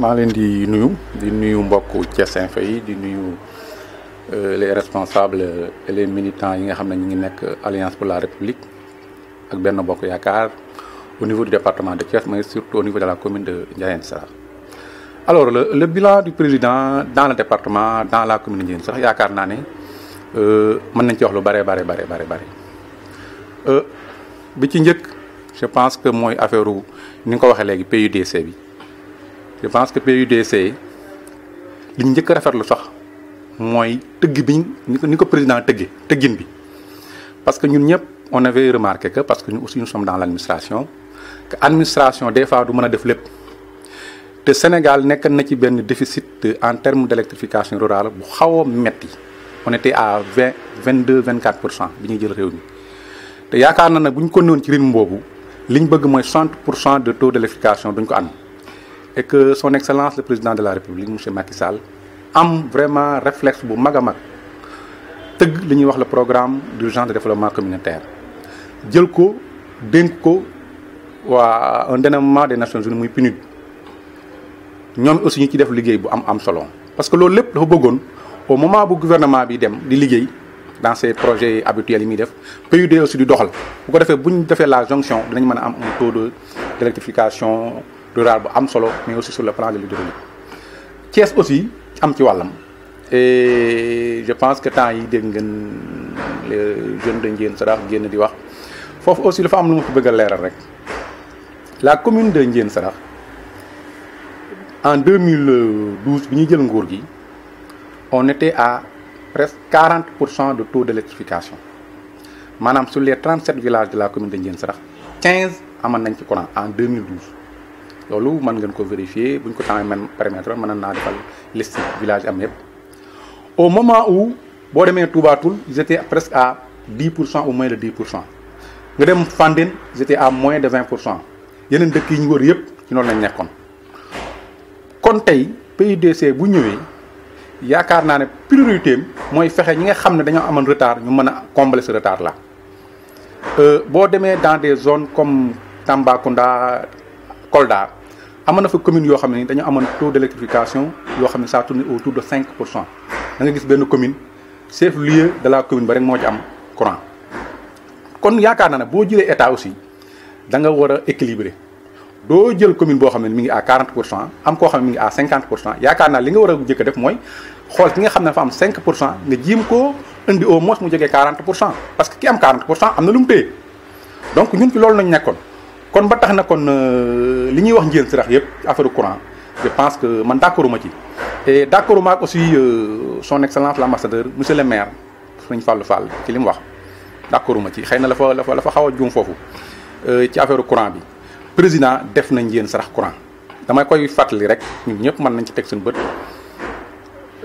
Malen di nuyu di nuyu mbokku ci saint yi di nuyu euh, les responsables et les militants yi nga xam ñi ngi nek Alliance pour la République ak benn Bokk Yaakaar au niveau du département de Thiès mais surtout au niveau de la commune de Ndiayène Sirakh alors le, le bilan du président dans le département dans la commune de Ndiayène Sirakh na né euh mën nañ ci wax lu bare bare bare bare bare euh, bi ci ñëk je pense que moy affaire ni nga ko waxee léegi PUDC bi je pense que PUDC li ñu njëkk a rafetlu sax mooy tëgg bi ni ko ni ko président tëggin bi parce que ñun ñëpp on avait remarqué que parce que ñun aussi nous sommes dans l' administration que administration des fois du mën a def lépp te Sénégal nekk na ci benn déficit en terme d' électrification rurale bu xaw a metti on était à vingt vingt deux vingt quatre pour cent bi ñu jël réew mi te yaakaar na nag bu ñu ko noon ci rythme boobu liñ bëgg mooy 60 pour cent de taux d' électrification duñ ko am et que son excellence le président de la république M. Macky Sall am vraiment réflexe bu le programme d'urgence de développement communautaire Il ko wa un dénommement des nations unies muy est ñom aussi ñi ci def liguey bu am am solo parce que le lepp dafa au moment où le gouvernement a dem di liguey dans ses projets habituels mi peut def PUD aussi du doxal bu ko defee bu la jonction dinañ am un taux de l'électrification rural bu am solo mais aussi sur le plan de l'hydraulique Thiès aussi am ci et je pense que temps yi dégg ngeen les jeunes de sera, Sarax génn di wax aussi dafa am lu ma ko bëgg la commune de Ndiéyène en 2012 on était à presque 40 de taux d'électrification Madame, sur les 37 villages de la commune de Ndiéyène 15 ci en 2012 loolu man ngeen ko vérifier bu ñu ko temps man permettre mën naa defal liste village am yëpp au moment où boo demee Touba Toul j'étais presque à 10 pour au moins de 10 pour cent nga dem Fandine j'étais à moins de 20 pour cent yeneen dëkk yi ñu wër yëpp ci noonu lañ nekkoon kon tey bu ñëwee yaakaar naa priorité am mooy fexe ñi nga xam ne dañoo retard ñu mën a combler ce retard là euh, boo demee dans des zones comme Tambacounda Kolda amoon fa commune yo xamné dañu amone taux d'électrification yo xamné ça tourne autour de 5 da nga gis ben commune chef lieu de la commune ba rek moo ci am courant kon yaakaar naa ne boo état aussi da nga wara équilibrer do jël commune bo xamné mi ngi à 40 am ko xamné mi ngi à 50 Il yaakaar na li nga wara a def moy xol ki nga xamné fa am 5 pour cent nga jiim koo indi au moins mu 40 parce que ki am 40 amna lu mu téye donc ñun ci loolu nañ kon ba tax na kon euh, li ñuy wax njël sarax yëpp affaire courant je pense que man d'accorduma ci et d'accorduma ak aussi euh, son excellence l'ambassadeur monsieur le maire Sëriñ Fallou Fall ci li mu wax d'accorduma ci xëy na la fa la fa la fa xaw a juum foofu euh, ci affaire courant bi président def nañ njël sarax courant damay koy fàttali rek ñun ñëpp mën nañ ci teg suñu bët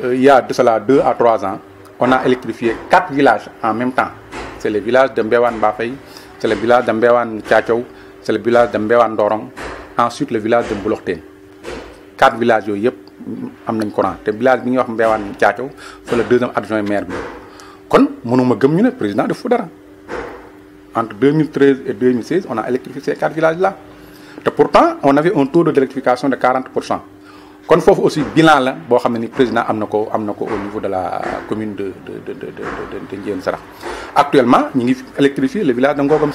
il y a de cela deux à trois ans on a électrifié quatre villages en même temps c'est le village de Mbéwane Bafay c'est le village de Mbéwane Thiathiaw c'est le village de Mbewan Ndorong ensuite le village de Mbouloxteen quatre villages il y a un courant Les village de wax Mbewan fa le deuxième adjoint maire bi kon mënuma gëm président de Foudara. entre 2013 et 2016 on a électrifié ces quatre villages là pourtant on avait un taux d'électrification de 40 Donc, il faut aussi bilan la boo le président am au niveau de la commune de de de actuellement on ngi électrifier le village de Ngogom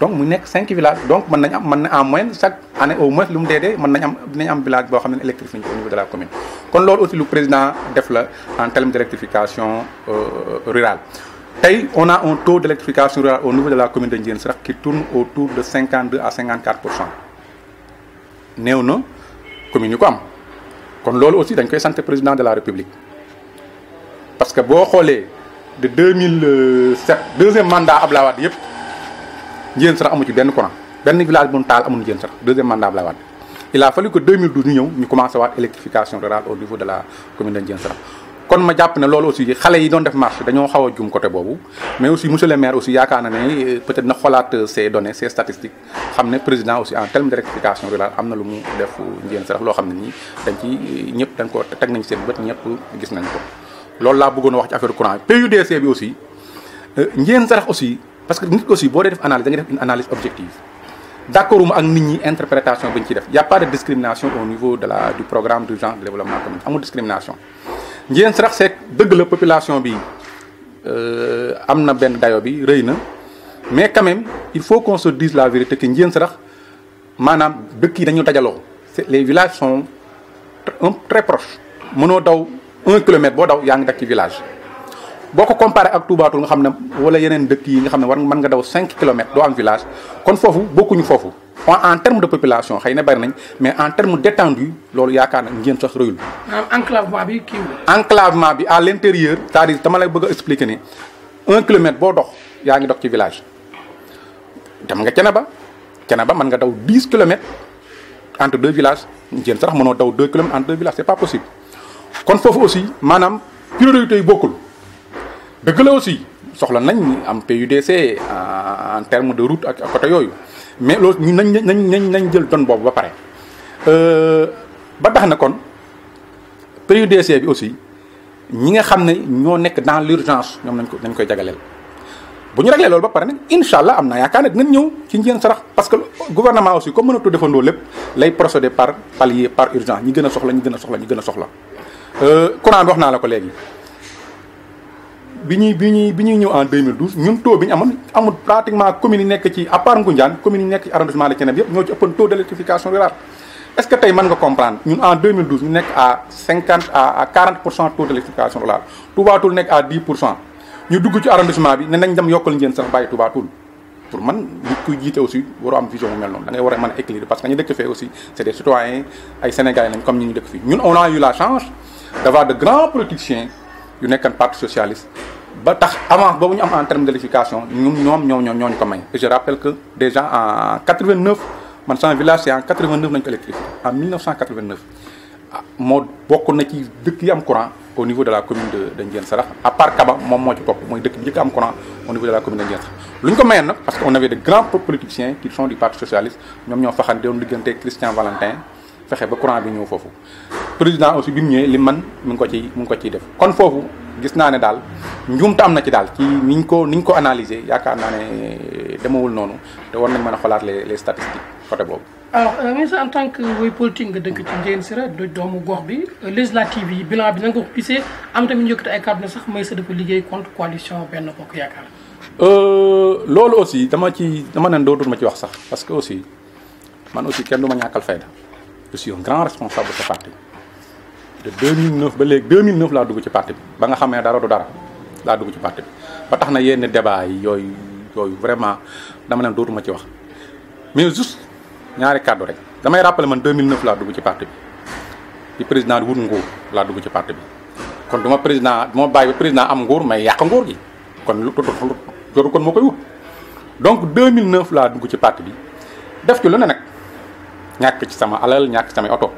donc mu a cinq villages donc mën am en moyenne chaque année au moins lu mu dee dee village électrifié au niveau de la commune kon loolu aussi lu président def la en termes d'électrification euh, rurale on a un taux d'électrification rurale au niveau de la commune de qui tourne autour de 52 à 54 pour cent néew na commune yu ko am kon loolu aussi dañ koy président de la république parce que boo xoolee de 2007 deuxième mandat Abdoulaye njëriñ sarax amu ci benn courant benn village bu ñu taal amul njëriñ sarax deuxième mandat Abdoulaye Wade il a fallu que 2012 ñu ñëw ñu commencé waat électrification rurale au niveau de la commune de Ndiène Sarax kon ma jàpp ne loolu aussi xale yi doon def marche na ne euh, euh, lu mu def Ndiène Sarax loo xam euh, aussi parce que nit aussi boo def analyse da def une analyse objective D'accord accord ak nit ñi interprétation bi ci y' a pas de discrimination au niveau de la du programme du genre de développement pas amul discrimination. Ndiéyène Sirakh c'est dëgg la population bi euh, am na benn dayo bi rëy mais quand même il faut qu'on se dise la vérité que Ndiéyène Sirakh maanaam dëkk yi dañu dajaloo. les villages sont un très proches mënoo daw un kilomètre boo daw yaa ngi village. boko comparer ak touba tul nga xamne wala yenen dekk yi nga xamne war man nga daw 5 km do am village kon fofu bokkuñu fofu en termes de population xeyna bari nañ mais en termes d'étendue lolu yaakaar na ngeen sax reuyul enclavement bi ki enclavement bi à l'intérieur c'est-à-dire dama lay bëgg expliquer ni 1 km bo dox ya ngi dox ci village dam nga cenaba cenaba man nga daw 10 km entre deux villages ngeen sax mëno daw 2 km entre deux villages c'est pas possible kon fofu aussi manam priorité bokul deug la aussi soxla nañ am PUDC euh, en terme de route ak côté yoyu mais lo ñu nañ nañ nañ jël don bobu ba paré euh ba tax na kon PUDC bi aussi ñi nga xamné ño nek dans l'urgence ñom nañ ko dañ koy jagalel bu ñu réglé lool ba paré nak inshallah amna yaaka nak ngeen ñew ci njëen sarax parce que gouvernement aussi comme mëna mënatu defandoo lepp lay procéder par palier par urgence ñi gëna soxla ñi gëna soxla ñi gëna soxla euh courant bi wax na la ko légui bi ñuy bi ñuy ñëw en ñun taux bi ñu amoon amul pratiquement commune yi nekk ci à part Ngoundiane commune yi nekk ci arrondissement de Thiénaba yëpp ñoo ci ëppoon taux ñun nekk à 50 à 40 pour cent taux d' électrification rurale Touba Toul nekk à 10 pour cent ñu dugg ci arrondissement bi ne nañ dem yokkal njëriñ sax bàyyi Touba Toul pour man kuy jiite aussi waroo am vision bu noonu da ngay war a mën a équilibre parce que ñu dëkk fee aussi c' est des ay yu nekkan parti socialiste ba tax avance boobu ñu am en terme de l'éducation ñun ñoom ñoo ñoo ñu ko je rappelle que déjà en 89 man sans village c'est en 89 nañu ko en 1989 ah, moo bokk na ci dëkk yi am courant au niveau de la commune de de Ndiène à part Kaba moom moo ci topp mooy dëkk bi njëkk am courant au niveau de la commune de Ndiène Sarax lu ko parce qu'on avait de grands politiciens qui sont du parti socialiste ñoom ñoo faxan doon diggante Christian Valentin fexe ba courant bi ñëw foofu président aussi bi mu ñëwee li man mi ngi ko ciy mi ngi ko ciy def kon foofu gis naa ne daal njuumte am na ci daal ci ñu ko ñu ko analyser yaakaar naa ne euh, demawul noonu te war nañ mën a xolaat les les statistiques côté boobu. alors euh, ministre en tant que way politique nga dëkk ci Ndiéyène Sirakh doomu gox bi euh, législative yi bilan bi na nga ko gisee am tamit njëkkati ay kàddu na sax may sa dafa liggéey contre coalition benn bokk yaakaar. loolu aussi dama ci dama ne dootuma ci wax sax parce que aussi man aussi kenn du ma ñàkkal je suis un grand responsable de parti de 2009 ba léegi 2009 laa dugg ci parti bi ba nga xamee dara du dara laa dugg ci parti bi ba tax na yenn débat yi yooyu yooyu vraiment dama leen dootuma ci wax mais juste ñaari kàddu rek damay rappelé man 2009 laa dugg ci parti bi di président di wut nguur laa dugg ci parti bi kon duma président duma bàyyi président am nguur may yàq nguur gi kon lu jotu kon moo wut donc 2009 laa dugg ci parti bi def ci lu ne nag ñàkk ci sama alal ñàkk ci oto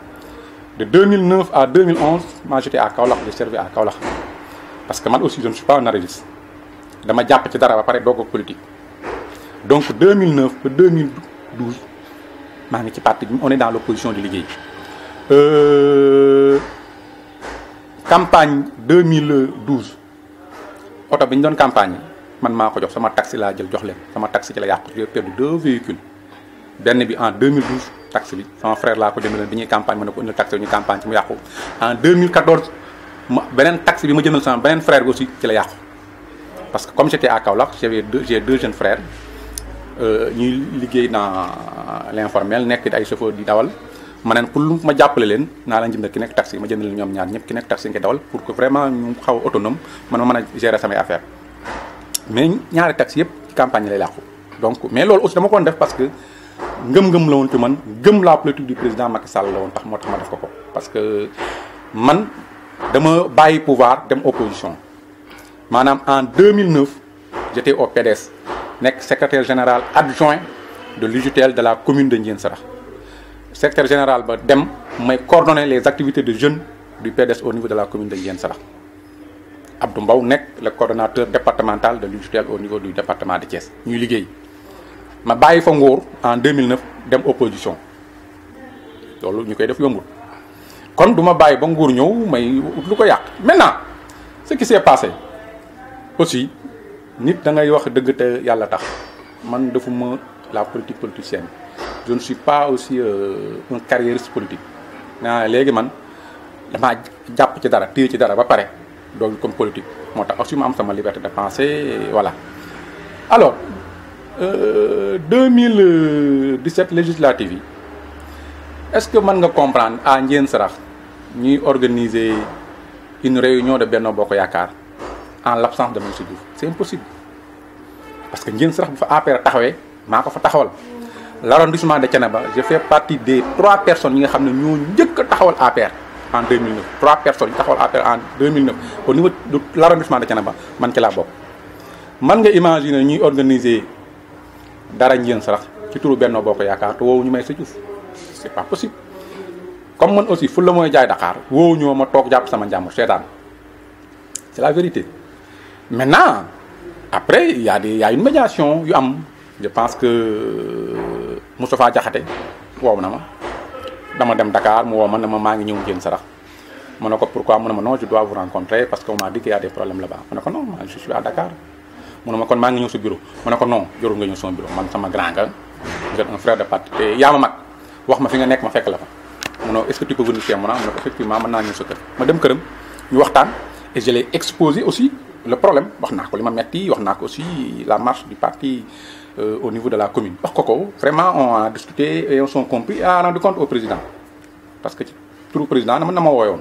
de 2009 à 2011 maa j'étais à Kaolack j'ai servi à Kaolack parce que man aussi je ne suis pas un arriviste dama jàpp ci dara ba pare doog politique donc 2009 mille 2012 maa ngi ci parti bi on est dans l'opposition di liggéey euh, campagne 2012 oto bi ñu doon campagne man maa ko jox sama taxi laa jël jox leen sama taxi ci la yàqu j'ai perdu deux véhicules benn bi en 2012 taxe bi sama frère laa ko jëndaloon bi ñuy campagne ma ne ko indil taxe ñu campagne ci mu yàqu en 2014 ma beneen taxe bi ma jëndal sama beneen frère bi aussi ci la yàqu parce que comme j'étais à Kaolack j'avais deux j'ai deux jeunes frères euh, ñuy liggéey dans l'informel nekk ay chauffeur di dawal ma neen pour lu ma jàppale leen naa leen jëndal ki nekk taxi ma jëndal ñoom ñaar ñëpp ki nekk taxi nga dawal pour que vraiment ñu xaw autonome man ma mën a gérer samay affaire mais ñaari taxi yëpp ci campagne lay làqu donc mais loolu aussi dama ko def parce que Je ngëm la woon ci man gëm la politique du président Macky Sall la won tax motax ma def ko ko parce que man dama le pouvoir dem opposition manam en 2009 j'étais au PDS nek secrétaire général adjoint de l'UJTL de la commune de Ndiène Le secrétaire général ba dem may coordonner les activités de jeunes du PDS au niveau de la commune de Ndiène Abdoumbaou Abdou Mbaw le coordonnateur départemental de l'UJTL au niveau du département de Thiès ñuy liggéey ma bàyyi fa nguur en 2009 dem opposition loolu ñu koy def yombul kon du ma bàyyi ba nguur ñëw may lu ko yàq maintenant ce qui s'est passé aussi nit da ngay wax dëgg te yàlla tax man defuma la politique politicienne je ne suis pas aussi euh, un carriériste politique naa léegi man damaa jàpp ci dara téye ci dara ba pare doog comme politique moo tax aussi ma am sama liberté de penser voilà alors 2017 législative yi est-ce que man nga comprendre à ñeen Sarax ñuy organiser une réunion de Benno Bokk yakar en l'absence de monsieur Diouf c'est impossible parce que ñeen Sarax bu fa APR taxawé mako fa taxawal l'arrondissement de Thiénaba je fais partie des trois personnes yi nga xam ñoo ñëk taxawal APR en 2009 trois personnes taxawal APR en 2009 au niveau de l'arrondissement de Thiénaba man ci la bok man nga imaginer ñuy organiser dara ñeen sax ci turu benno boko yaakar to wowu ñu may sa diouf c'est pas possible comme man aussi fu la moy jaay dakar wowu ñoo ma tok japp sama jamm setan c'est la vérité maintenant après il y a des il y a une médiation yu am je pense que euh, Moustapha Diakhaté wowu na ma dama dem Dakar mu wow ma ma ngi ñew jeen sax ma pourquoi mu non je dois vous rencontrer parce qu'on m'a dit qu'il y a des problèmes là-bas ma non je suis à Dakar mu ne ma kon maa ngi ñëw sa bureau ma ne ko non jorul nga ñëw sama bureau man sama grand nga vous un frère de parti te mag wax ma fi nga nekk ma fekk la fa mu ne est-ce que tu peux venir chez moi mu ne ko effectivement mën naa exposé aussi le problème wax naa ko li ma metti wax naa ko aussi la marche du parti euh, au niveau de la commune wax ko ko vraiment on a discuté et on s'est compris et on a rendu compte au président parce que turu président na mën na ma wooyoon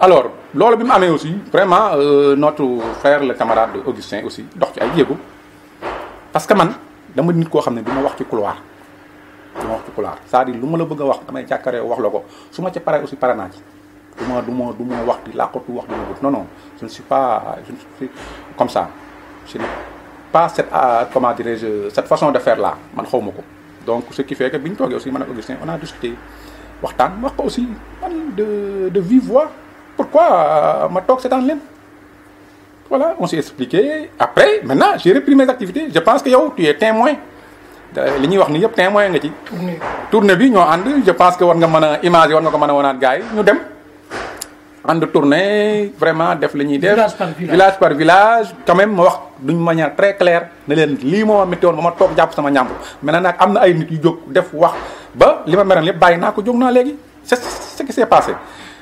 alors loolu bi mu amee aussi vraiment euh, notre frère le camarade Augustin aussi dox ci ay jéego parce que man dama nit koo xam ne du ma wax ci couloir du ma wax ci couloir c'est-à-dire lu ma la bëgg a wax damay jàkkaaree wax la ko su ma aussi pare naa ci du ma du ma du ma wax di làqatu wax di ma non non je ne suis pas je ne suis comme ça je ne pas cette euh, comment dirais-je cette façon de faire là man xaw ko donc ce qui fait que bi ñu toogee aussi man ak Augustin on a discuté waxtaan wax ko aussi man de de vive voix pourquoi euh, ma c'est en ligne? voilà on s'est expliqué après maintenant j'ai repris mes activités je pense que yow tu es témoin Les gens wax ni yëpp témoin nga ci tournée bi je pense que war nga mën image war nga ko mën a wonaat gars yi ñu dem ànd tourner, vraiment def la ñuy def village par village quand même ma wax d'une manière très claire ne leen lii moo ma météo ba ma toog sama maintenant il y a ay nit yu jóg def wax ba li ma meroon lépp ko jóg naa c'est ce qui s'est passé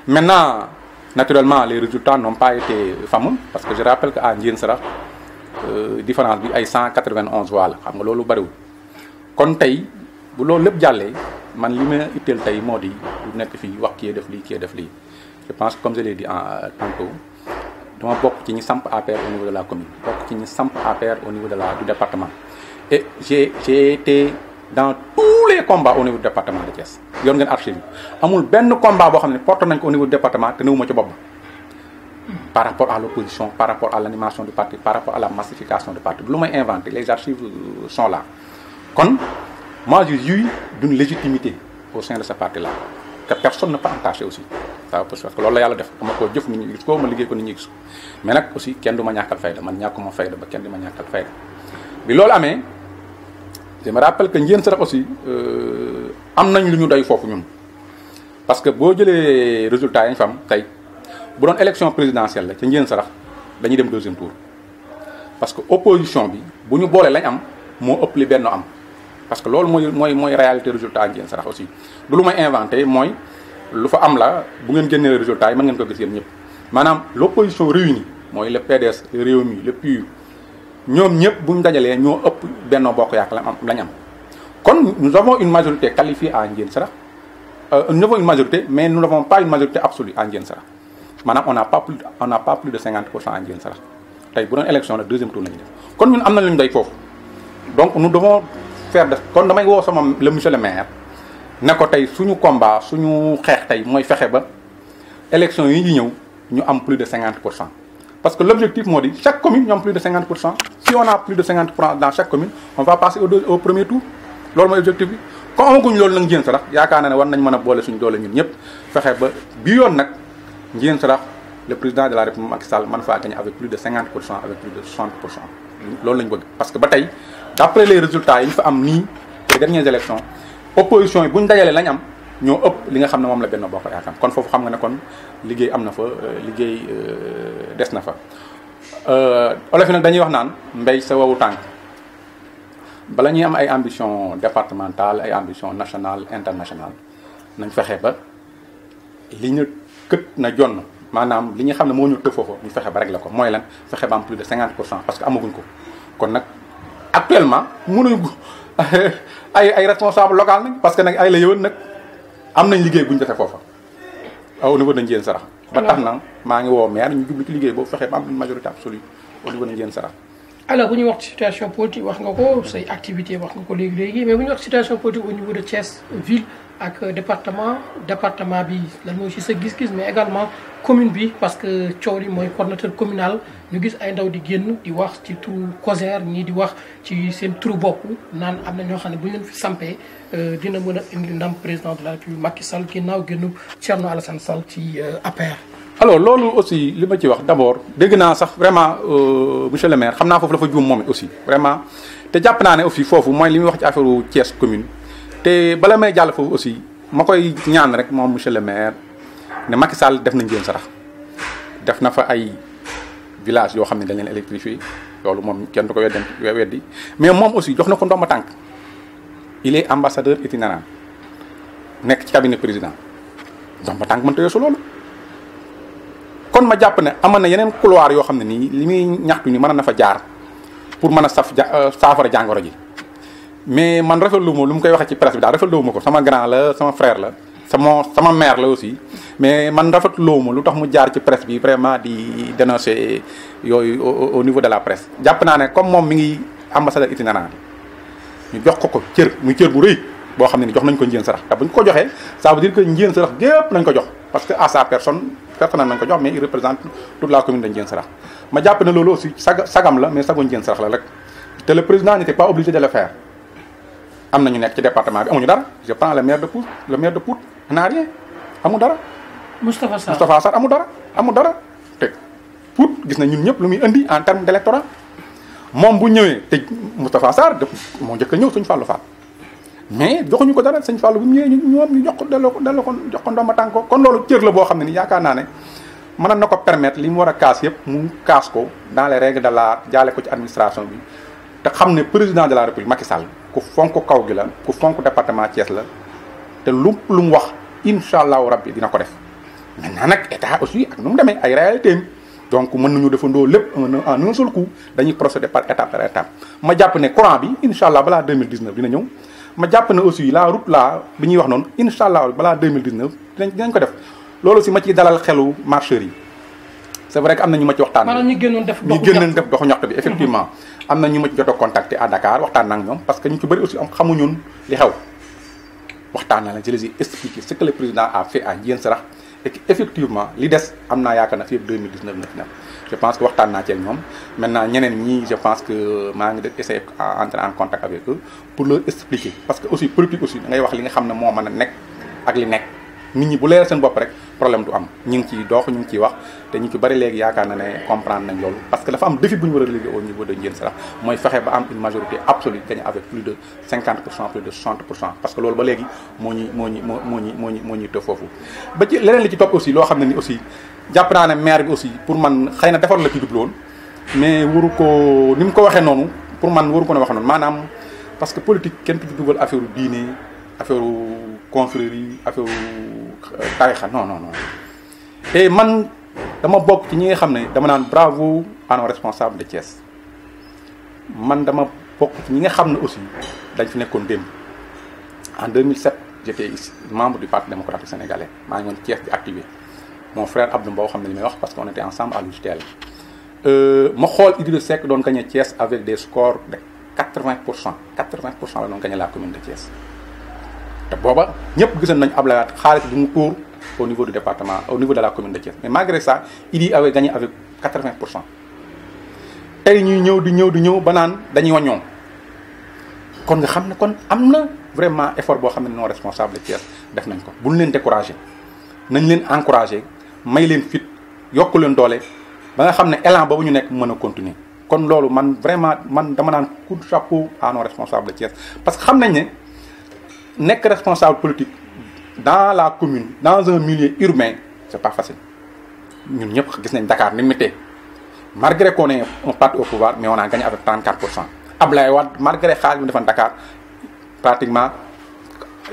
maintenant naturellement les résultats n'ont pas été fameux parce que je rappelle que à Ndiéyène euh, différence de 191 voix la xam nga loolu bëriwul kon tey bu loolu lépp jàllee man li ma itteel tey moo di wax je pense comme je l'ai dit en euh, tantôt dama beaucoup ci ñi samp au niveau de la commune beaucoup ci ñi samp au niveau de la du département et j'ai été dans tous les combats au niveau du département de Thiès Il y archive des benn combat y a des porté nañ ko au niveau du département par rapport à l'opposition par rapport à l'animation du parti par rapport à la massification du parti lu may inventé les archives euh, sont là kon moi je suis d'une légitimité au sein de ce parti là que personne ne peut entacher aussi parce que loolu la yàlla def dama koo ko ma ko mais aussi kenn ne ma ñàkkal fayda man m'a fayda ba kenn du ma fayda bi je me que Ndiéyène Sirah aussi euh, am nañ lu ñu doy foofu ñun parce que boo jëlee résultat yañ fa am tey bu doon élection présidentielle la ci Ndiéyène sarax dañuy dem deuxième tour parce que opposition bi bu ñu boolee lañ am moo ëpp li benn am parce que loolu mooy mooy mooy réalité résultat Ndiéyène Sirah aussi du lu may inventé mooy lu fa am la bu ngeen génnee résultat yi mën ngeen ko gis yéen ñëpp maanaam l' opposition réunie mooy le PDS Rewmi le PUR ñom ñëpp buñ ñu ñoo Benno Bokk yak la am kon nous avons une majorité qualifiée à Ndiène euh nous avons une majorité mais nous n'avons pas une majorité absolue à Ndiène Sirakh maanaam on n'a pas plus on n'a pas plus de 50 à Ndiène Sirakh tey bu done élection la deuxième tour la ñu def kon ñun amna lu doy donc nous devons faire de kon damay wo sama le monsieur le maire ne ko tey suñu combat suñu xex tay moy fexé ba élection yi ñu ñew ñu am plus de 50 parce que l'objectif, moi, dit, chaque commune, a plus de 50%. Si on a plus de 50% dans chaque commune, on va passer au, premier tour. C'est objectif. Quand on a loolu nag il y a un suñu doole ñun ba bi le président de la république Macky Sall avec plus de 50 avec plus de 60 C'est parce que ba d'après les résultats il faut amener les dernières élections opposition est bu ñoo ëpp li nga xam ne moom la benn bokk yaakaar kon foofu xam nga ne kon liggéey am na fa euh, liggéey euh, des na fa. Euh, olof yi nag dañuy wax naan mbéy sa wowu tànk bala ñuy am ay ambition départementale ay ambition nationale internationale nañ fexe ba li ñu kët na jonn maanaam li ñu xam ne moo ñu të foofu ñu fexe ba rek la ko mooy lan fexe ba am plus de 50 pour cent parce que amaguñ ko kon nag actuellement mënuñu ay ay responsable local nag parce que nag ay la yëwoon am liguey buñu bu fofa defee foofa au niveau de Ndiène Sarax ba taxna na maa ngi woo maire ñu jublu ci liguey bo fexé ba am une majorité absolue au niveau de Ndiène sara alors buñu wax situation politique wax nga ko say activité wax nga ko légui légui mais buñu wax situation politique au niveau de Thiès ville ak département département bi lan moy ci sa gis-gis mais également commune bi parce que coow moy mooy communal ñu gis ay ndaw di génn di wax ci tout COSER ñii di wax ci seen trou bopp naan am na ñoo xam ne bu ñu leen fi sampee euh, dina mën a indi ndam président de la République Macky Sall ginnaaw génnu Thierno Alassane Sall ci euh, APR. alors loolu aussi li ma ci wax d' abord dégg naa sax vraiment euh, monsieur le maire xam naa foofu la fa juum moom aussi vraiment te jàpp naa ne aussi foofu mooy li muy wax ci affaire Thiès commune. te bala may jall fofu aussi ma ñaan rek mom monsieur le maire ne Macky Sall def nañu njéen sarax def na fa ay village yo xam dañ leen électrifier lolu mom kenn du ko weddi weddi mais mom aussi jox na ko ndomba tank il est ambassadeur itinérant nek ci cabinet président ndomba tank man yosu lolu kon ma japp ne amana yenen couloir yo xam ni limi ñaxtu ni mëna na fa jaar pour mëna saf euh, safara jangoro ji mais man rafetlu lu mu koy waxee ci presse bi daal rafetlu ma ko sama grand la sama frère la sama sama mère la aussi mais man rafetlu ma lu tax mu jaar ci presse bi vraiment di dénoncer yooyu au niveau de la presse. jàpp naa ne comme moom mi ngi ambassadeur itinérant ñu jox ko ko cër muy cër bu rëy boo xam ne ni jox nañ ko njéen sarax te bu ñu ko joxee ça veut dire que njéen sarax gépp nañ ko jox parce que à sa personne personnel nañ ko jox mais il représente toute la commune de njéen sarax ma jàpp ne loolu aussi saga sagam la mais sago njéen sarax la rek te le président n'était pas obligé de am ñu nekk ci département bi amuñu dara je prends le maire de Pout le maire de Pout n'a rien amu dara mustapha sar mustapha sar amu dara amu dara te Pout gis na ñun ñëpp lu muy indi en terme d'électorat mom bu ñëwé te mustapha sar de moo njëkk a ñëw suñu fallu fa mais joxuñu ko dara sëñ fallu bu ñëwee ñu ñoom ñu jox ko delloo ko delloo ko jox ko ndomba tanko kon lolu cër la bo xamni yaaka naane man na ko permettre li mu wara kaas yëpp mu kaas ko dans les règles de l'art jaale ko ci administration bi te xamne président de la république Macky Sall ku fonk kaw gi la ku fonk département Thiès la te lupp lu wax inshallah rabbi dina ko def maintenant nak état aussi ak num mu ay réalité donc mën nañu defando lepp en un seul coup dañuy procéder par étape par étape ma japp né courant bi inshallah allah 2019 dina ñew ma japp né aussi la route la bi ñuy wax non inshallah allah 2019 dinañ ko def lolu ci ma ci dalal xelu marcheur yi c'est vrai que amna ñu ma ci waxtaan. maanaam ñu gënoon def doxu ñaxtu bi effectivement. Mhm. am na ñu ma jot a contacter à Dakar waxtaan na ak ñoom parce que ñu ci bëri aussi am xamuñu li xew waxtaan na la je les ai ce que le président a fait à Ndiéyène Sarax et que effectivement li des am naa yaakaar na fii ak 2019 na fi nekk je pense que waxtaan naa ci ak ñoom maintenant ñeneen ñi je pense que maa ngi def essayer entrer en contact avec eux pour leur expliquer parce que aussi politique aussi da ngay wax li nga xam ne moo mën a nekk ak li nekk nit ñi bu leeral bopp rek. problème du am ñu ngi ciy dox ñu wax te ñu ci bari léegi yaakaar na ne comprendre nañ loolu parce que dafa am défi bu ñu war a relever au niveau de Ndiéyène Sirah mooy fexe ba am une majorité absolue gagné avec plus de 50 pour cent parce que loolu ba léegi moo ñuy moo ñuy moo moo ñuy moo ñuy moo ñuy te foofu ba ci leneen li ci topp aussi loo xam ne ni aussi jàpp naa ne maire bi aussi pour man xëy na defar la ci jublu woon mais waru ko ni mu ko waxee noonu pour man waru ko ne waxee noonu maanaam parce que politique kenn du ci dugal affaire diine non non non Et man dama bokk ci ñi nga dama bravo à nos responsables de Thiès man dama bokk ci ñi nga aussi dañ fi nekkoon en 2007 j'étais membre du parti démocratique sénégalais ma ngi Thiès activé mon frère Abdou mbaw xam ne wax parce qu'on était ensemble à l'UJTL euh, ma xool de sec doon gagné Thiès avec des scores de 80 80 la gagné la commune de Thiès. te booba ñëpp gisoon nañ ablayaat xaalis bi mu cour au niveau du département au niveau de la commune de Thiès mais malgré ça y avait gagné avec 80 pour cent tey ñuy ñëw di ñëw di ñëw ba naan dañuy waññoom kon nga xam ne kon am na vraiment effort boo xam ne non responsable Thiès def nañ ko buñ leen découragé nañ leen encouragé may leen fit yokku leen doole ba nga xam ne élan boobu ñu nekk mën a continuer kon loolu man vraiment man dama naan coup de chapeau à non responsable Thiès parce que xam nañ ne nek responsable politique dans la commune dans un milieu urbain c'est pas facile ñun ñëpp gis nañ Dakar ni malgré qu'on est au pouvoir mais on a gagné avec 34 malgré Ablaye Wade malgré xaalis bi Dakar pratiquement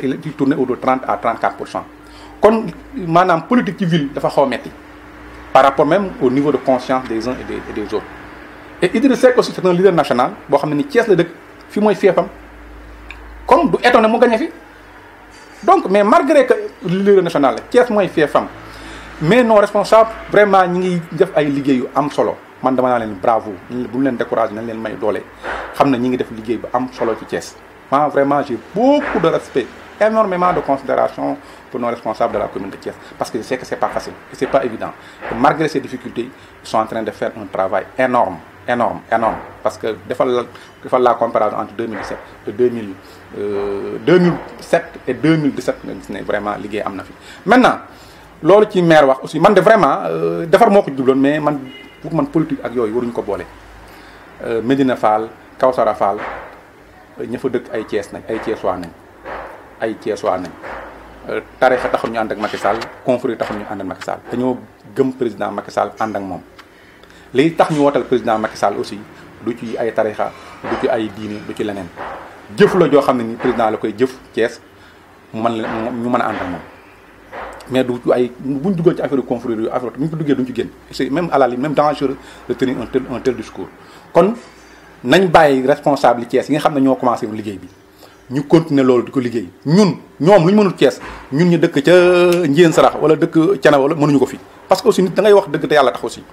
il tournait autour de 30 à 34 Quand cent politique ci ville dafa faut metti par rapport même au niveau de conscience des uns et des, autres et Idriss Seck aussi c'est un leader national qui a ne ni Thiès fi kon du étonné mu gagné fi donc mais malgré que l'unité nationale la Thiès fait femme, mais non responsables vraiment ñi ngi def ay liguey yu am solo man dama len bravo bu len décourager nañ may dolé xamna ñi ngi def liguey bu am solo moi vraiment j'ai beaucoup de respect énormément de considération pour nos responsables de la commune de Thiès parce que je sais que c'est pas facile ce c'est pas évident malgré ces difficultés ils sont en train de faire un travail énorme énorme énorme parce que defal la faut la comparaison entre 2007 et 2000 Euh, e 2007 et 2017 nga gis ne vraiment liggéey am na fi maintenant loolu ci maire wax aussi man de vraiment euh, defar moo ko jubloon mais man pour man politique ak yooyu waruñu ko boole euh, Médina Fall Kawsara Fall ña fa dëkk ay cees nag ay Thiessois nañ ay Thiessois nañ tarixa taxul ñu ànd ak Macky Sall confrérie taxul ñu ànd ak Macky dañoo gëm président Macky Sall ànd ak moom li tax ñu wootal président Macky Sall aussi du ci ay tarixa du ci ay diini du ci leneen jëf la joo xam ne ni président la koy jëf Thiès mu man ñu mën a ànd ak moom mais du ay buñ duggal ci affaire confrérie yu affaire bu ñu ko duggee duñ ci génn c'est même à la limite même dangereux de tenir un tel un tel discours kon nañ bàyyi responsable Thiès yi nga xam ne ñoo commencé liggéey bi ñu continuer loolu di ko liggéey ñun ñoom lu ñu mënul Thiès ñun ñu dëkk ca Ndiéyène Sarax wala dëkk Cana wala mënuñu ko fi parce que aussi nit da ngay wax dëgg te yàlla tax aussi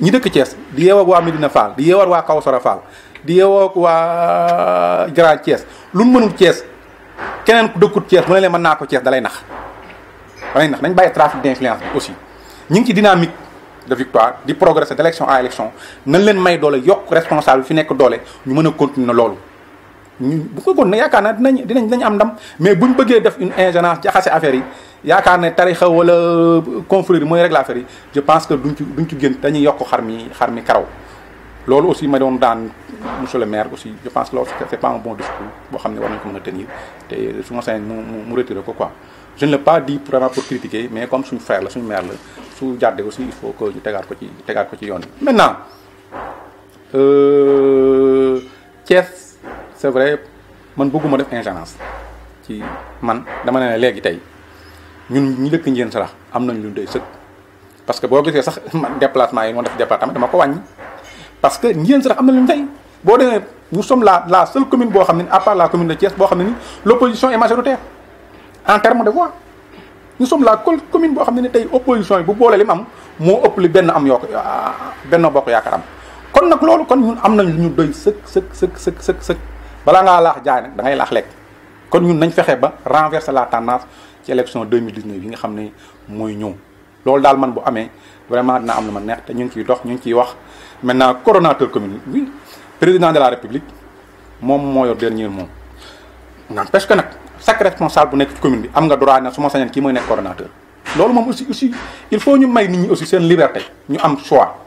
ñi dëkk Thiès di yeewar waa Medina Fall di yeewar waa Kawsara Fall di yeewoo ko waa Jara Thiès lu mu mënul Thiès keneen ku dëkkut Thiès mu ne leen mën naa ko Thiès dalay nax dalay nax nañ bàyyi trafic d'influence bi aussi ñu ngi ci dynamique de victoire di progresser d'élection à élection nañ leen may doole yokk responsable bi fi nekk doole ñu mën a continuer loolu. ñu bu ko gon yaakaar na dinañ dinañ dinañ am ndam mais buñ bëggee def une ingénieur jaxase affaire yi yaakaar ne tarixa wala confrérie mooy régler affaire yi je pense que duñ ci duñ ci génn dañuy yokk xar mi xar mi karaw. lolu aussi ma doon dan monsieur le maire aussi je pense loolu c'est pas un bon discours bo xam war nañ ko mëna tenir té su ma sañ mu mu retiré ko quoi je ne l'ai pas dit vraiment pour critiquer mais comme suñu frère la suñu maire la su jàddee aussi il faut que ñu tégal ko ci tégal ko ci yoon maintenant euh, Thiès c'est vrai man bëgguma def ingérence ci man dama ne légui tay ñun ñi dëkk ñeen sax am nañ lu doy seuk parce que bo gisé sax déplacement yi mo def département dama ko wañi parce que Ndiéyène Sirakh am na lu ñu tey boo demee nous sommes la la seule commune boo xam ne à part la commune de Thiès boo xam ne l' opposition est majoritaire en terme de voix nous sommes la seule commune boo xam ne tey opposition bu boole li mu am moo ëpp li benn am yokk ah, benn bokk yaakaar am kon nag loolu kon ñun am nañ lu ñu doy sëkk sëkk sëkk sëkk sëkk sëkk balaa ngaa laax jaay nag da ngay laax lekk kon ñun nañ fexe ba renverser la tendance ci élection 2019 yi nga xam ne mooy ñëw loolu daal man bu amee vraiment dina am lu ma neex te ñu ngi ciy dox ñu ngi ciy wax maintenant coordonnateur commune oui président de la république mom moo dernier mot n'empêche que nag chaque responsable bu nek ci commune bi am nga droit na suma ma ki moy nek coordonnateur loolu aussi aussi il faut ñu may nit ñi aussi sen liberté ñu am choix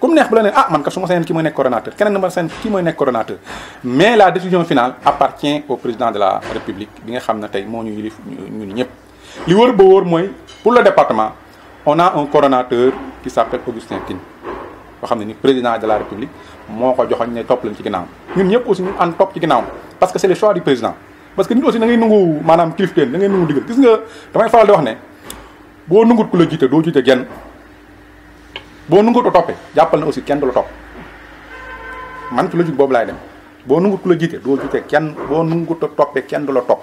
comme neex bu la ah man ka suma ma ki kii nek nekk coordonnateur keneen na ma sañoon ki moy nek coordonnateur mais la décision finale appartient au président de la république bi nga xamna tay mo moo ñu yilif ñun ñëpp li wër ba wër moy pour le département on a un coordonnateur qui s'appelle Augustin yoo xam ne ni président de la république moo ko joxoñ ne topp leen ci ginnaaw ñun ñëpp aussi ñu ànd topp ci ginnaaw parce que c'est le choix du président parce que nit aussi da ngay maanaam kilifteen da ngay nangu digal gis nga damay faral di wax ne boo nangut ku la jiite doo jiite genn boo nangut topp toppee na aussi kenn du la topp man ci logique boobu laay dem boo nangut ku la jiite doo kenn boo nangut ko toppee kenn du la topp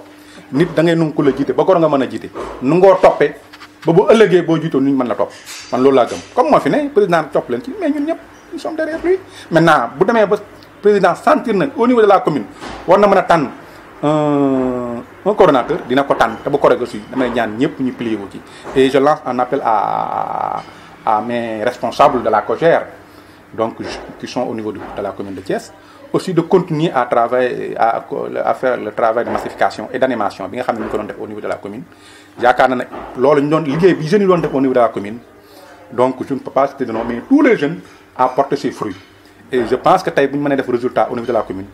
nit da ngay ku la jiite ba gor nga mën a jiite nungoo toppee Il bu ëllëgee boo jiitoon ñu la topp man loolu laa gëm comme moo fi ne président topp leen ci mais ñun ñëpp nous sommes derrière lui maintenant bu demee ba président sentir na au niveau de la commune war na a un coordinateur, dina ko tànn te bu ko aussi damay ñaan ñu plier et je lance un appel à à mes responsables de la COGER donc qui sont au niveau de la commune de Thiès aussi de continuer à travailler à, à faire le travail de massification et d'animation bi nga xam ñu ko def au niveau de la commune yaakaar na ne loolu ñu doon liggéey bi jeunes yi doon def au niveau de la commune donc je ne peux pas citer de nom mais tous les jeunes apportent ses fruits et je pense que tey bu ñu mënee def résultat au niveau de la commune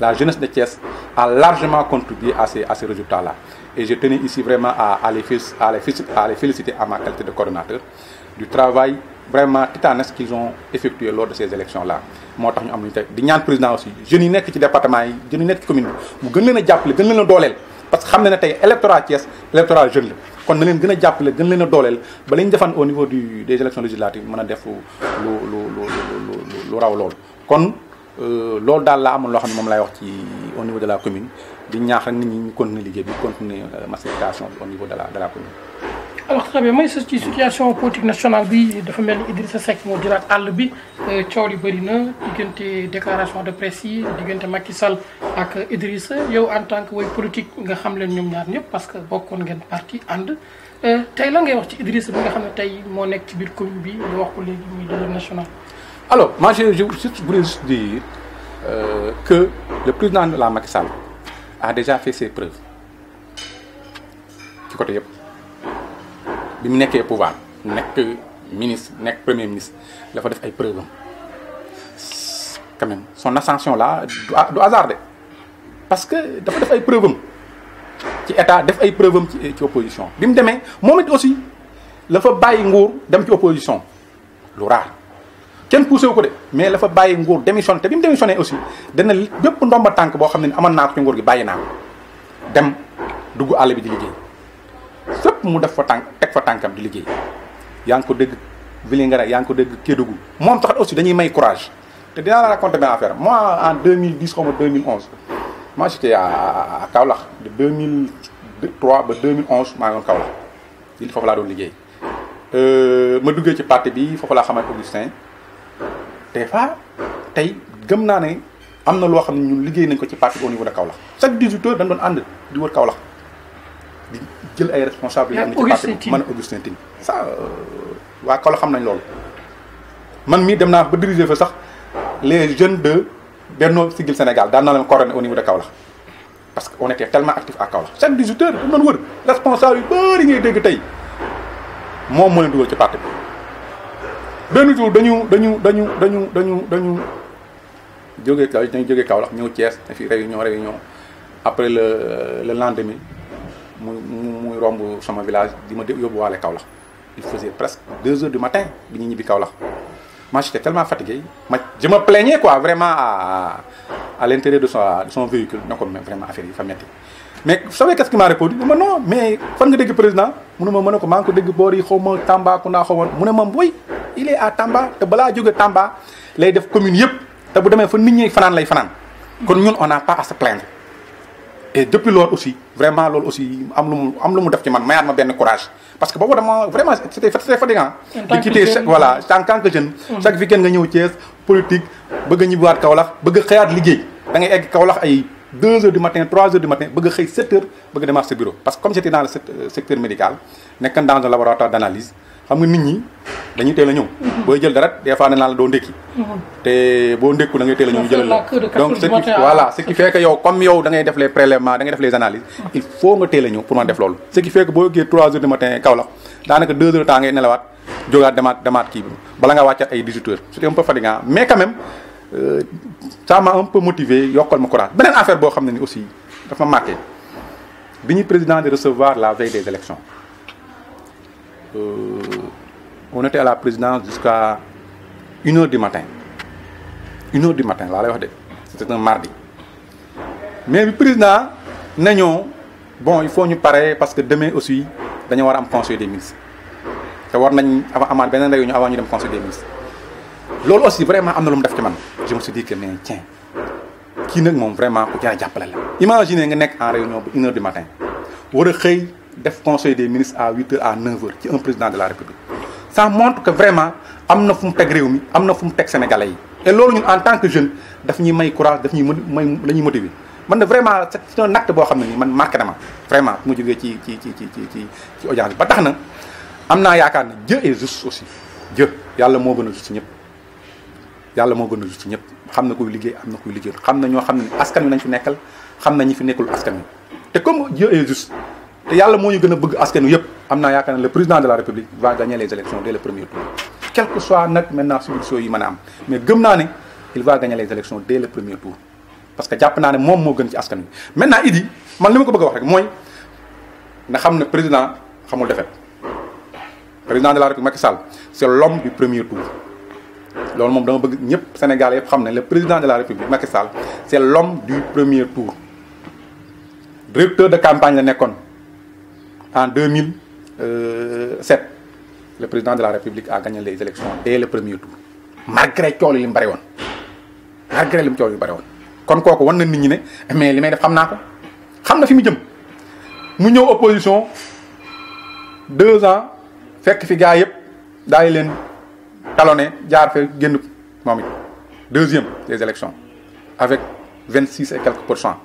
la jeunesse de Thiès a largement contribué à ces à ces résultats là et je tenais ici vraiment à à les à les à les féliciter à ma qualité de coordonnateur du travail vraiment titanesque qu'ils ont effectué lors de ces élections là moo tax ñu am lu ñu teg di ñaan président aussi jeunes yi nekk ci département yi jeunes yi nekk ci commune bi mu gën leen a jàppale gën leen a dooleel parce que xam jeune kon au niveau des élections législatives au niveau de la commune di continuer continuer euh, massification au niveau de la commune alors très bien mooy sa situation politique nationale bi dafa mel Idrissa Seck mo jëlaat àll bi coow li bëri na diggante déclaration de presse yi Macky Sall ak Idrissa yow en tant que way politique nga xam leen ñoom ñaar ñep parce que bokkon ngeen parti ànd euh, tay la ngay wax ci Idrissa bi nga xam tay mo nek ci bir commune bi nga wax ko légui muy dialogue national. alors ma je voulais juste dire euh, que le président de la Macky Sall a déjà fait ses preuves ci côté yëpp bi mu pouvoir nekk ministre nekk premier ministre il def ay quand même son ascension là du hasard parce que dafa def ay preuve preuves ci état def ay preuve opposition aussi la fa bàyyi nguur dem ci opposition lu kenn poussé ko de mais la fa bàyyi nguur démissionné te démissionné aussi dana bépp ndomba tànk boo xam ne naa ko ci nguur dem bi di fep mu def fa tank tek fa tankam di liggéey yaa ngi ko dégg Vélingara yaa ngi ko dégg Kédougou moom taxat aussi dañuy may courage te dinaa la raconter ben affaire moi en 2010 comme 2011 moi j'étais à à Kaolack de 2003 ba 2011 maa ngi woon Kaolack fofu foofu laa doon liggéey euh, ma duggee ci parti bi fofu laa xamante Augustin des fois tey gëm naa ne am na loo xam ne ñun liggéey nañ ko ci parti au niveau de Kaolack chaque 18 heures dañ doon ànd di wër Kaolack jël ay responsable yi am ci eh, parti man Augustin Tine ça euh, waa Kaolack xam nañ lool man mi dem naa ba diriger fa sax les jeunes de Benno Siggil Sénégal daan na leen coordonné au niveau de Kaolack parce que on était tellement actif à Kaolack chaque 18 heures dañ doon wër responsable yu bëri ngay dégg tey moom moo leen dugal ci parti bi benn jour dañu dañu dañu dañu dañu dañu kaw dañu jógee Kaolack ñëw Thiès fi réunion réunion après le euh, le lendemain muy muy romb sama village di ma yóbbuwaale Kaolack il faisait presque deux heures du matin bi ñu ñibbi Kaolack moi j'étais tellement fatigué ma je me plaignais quoi vraiment à à l'intérieur de son de son véhicule ne vraiment affaire yi fa mais vous savez qu'est-ce qu'il m'a répondu mais non mais fan nga dégg président mu ne ma mën ne ko maa ngi ko dégg boor yi xaw Tamba ku naa mu ne boy il est à Tamba te balaa jóge Tamba lay def commune yëpp te bu demee fa nit ñi fanaan lay fanaan kon nous on n'a pas à se plaindre et depuis lors aussi vraiment aussi am lu am lu mu ci man ma courage parce que vraiment c'était très, fatigant di quitter voilà tant tant que jeune mm. chaque week-end nga une Thiès politique bëgg a ñibbiwaat kaolax bëgg a liggéey da ngay egg kaolax ay 2 h du matin 3 h du matin bëgg a 7 heures bëgg a demaat bureau parce que comme j'étais dans le secteur euh, médical nekkan dans un laboratoire d'analyse xam nga nit ñi dañuy teel a ñëw mhm. boo jël dara des fois na naa la doo ndékki mhm. te boo ndékku da ngay teel a ñëw jëlal la donc ce qui voilà ce qui fait que yow comme yow da ngay def les prélèvements da ngay def les mhm. a ñëw pour mën def loolu ce qui fait que boo yëggee 3 heures du matin Kaolack daanaka kii bi nga wàccaat ay 18 heures c'était un peu fatigant mais quand même euh, ça m'a un beneen affaire boo xam ne ni aussi daf bi ñu président de recevoir la veille des élections euh, on était à la présidence jusqu'à 1h du matin. 1h du matin, là, c'était un mardi. Mais le président, nous il faut nous parler parce que demain aussi, il y avoir un conseil des ministres. Aussi, vraiment, je me suis dit que mais, tiens, qui est vraiment Imaginez que en réunion à 1h du matin. Vous avez un conseil des ministres à 8h à 9h, qui est un président de la République ça montre que vraiment am na fait mu teg on sénégalais et lolu en tant que jeune daf ñuy may courage daf ñuy may motiver man vraiment c'est un acte bo xam man marqué vraiment mu jógee ci ci ci ci ci ci audience ba taxna amna Dieu est juste aussi Dieu yalla mo y a juste ñep yalla mo y a juste ñep xamna le liggéey nous liggéey xamna ño mot askan mi nañ fi nekkal xamna ñi fi nekkul askan mi te comme Dieu est juste te Yalla moñu gëna bëgg askanu yëpp amna yaakaar le président de la république va gagner les élections dès le premier tour quel que soit nak maintenant solution yi mën am mais gëm na né il va gagner les élections dès le premier tour parce que japp na né mom mo gën ci askan wi maintenant idi man limu ko bëgg wax rek moy na xamne président xamul défaite. président de la république Macky Sall c'est l'homme du premier tour loolu mom dama bëgg ñëpp Sénégal yëpp xam ne le président de la république Macky Sall c'est l'homme du premier tour directeur de campagne la nekkoon en 2007 le président de la République a gagné les élections dès le premier tour malgré tout ce qu'il a malgré tout ce qu'il quoi mu bëri woon kon mais les mêmes def xam ko na fi jëm opposition deux ans fekk fi a eu talonné jaar deuxième des élections avec 26 et quelques pourcents.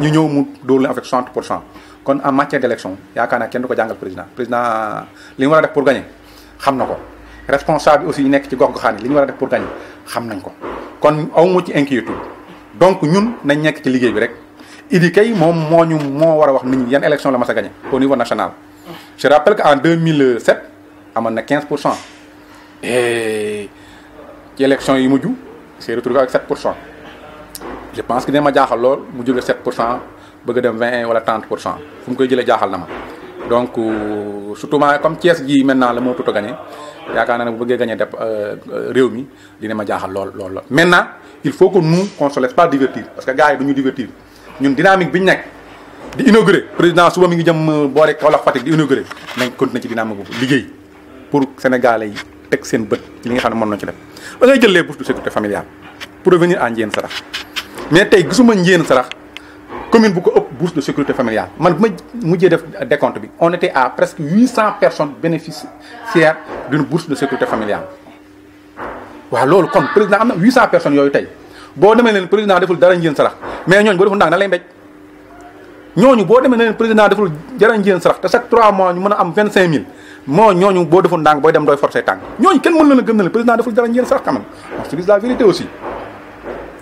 Il ñu ñëw avec 60 pourcents. kon en matière d'élection élection yaakaar kenn du ko jàngal président président euh, li wara a def pour gagner xam nako responsable aussi nek ci gox goxaan li wara def pour gagner xam nañ ko kon aw mu ci inquiétude donc ñun nañ nek ci liguey bi rek idi kay mom moñu mo wara wax nit ñi yan élection la massa gagner au niveau national je rappelle qu'en 2007 amana na 15 et ci élection yi mujj c'est retrouvé avec 7 je pense que dama jaxal lool mu jóge 7 bëgg dem 20 wala 30 pour cent fu koy jëlee jaaxal na ma donc euh, surtout ma comme Thiès gi maintenant la moo tuut a gagné yaakaar naa ne bu bëggee gagné def euh, euh, réew mi dina ma jaaxal lool lool la maintenant il faut que nous qu'on se laisse divertir parce que gars yi du ñu divertir ñun dynamique bi ñu nekk di inauguré président suba mi ngi jëm boore Kaolack Fatick di inauguré nañ continuer ci dynamique boobu liggéey pour Sénégalais yi teg seen bët li nga xam ne mën na ci def da ngay jël les bourses de sécurité familiale pour revenir à Ndiéyène Sarax mais tey gisuma commune beaucoup bourse de sécurité familiale man bu ma mujjee def décompte bi on était à presque 800 personnes bénéficiaires d'une bourse de sécurité familiale waaw le kon président am na huit personnes yooyu tey boo demee leen président deful dara njëen sarax mais nous avons deful ndànk na lay mbéj ñooñu boo demee leen président deful dara njëen sarax te chaque trois mois ñu mën a am vingt cinq mille moo ñooñu nous, deful ndànk booy dem dooy forcé tànk ñooñu kenn mën a gëm na leen président deful dara njëen sarax quand même on se dit la vérité aussi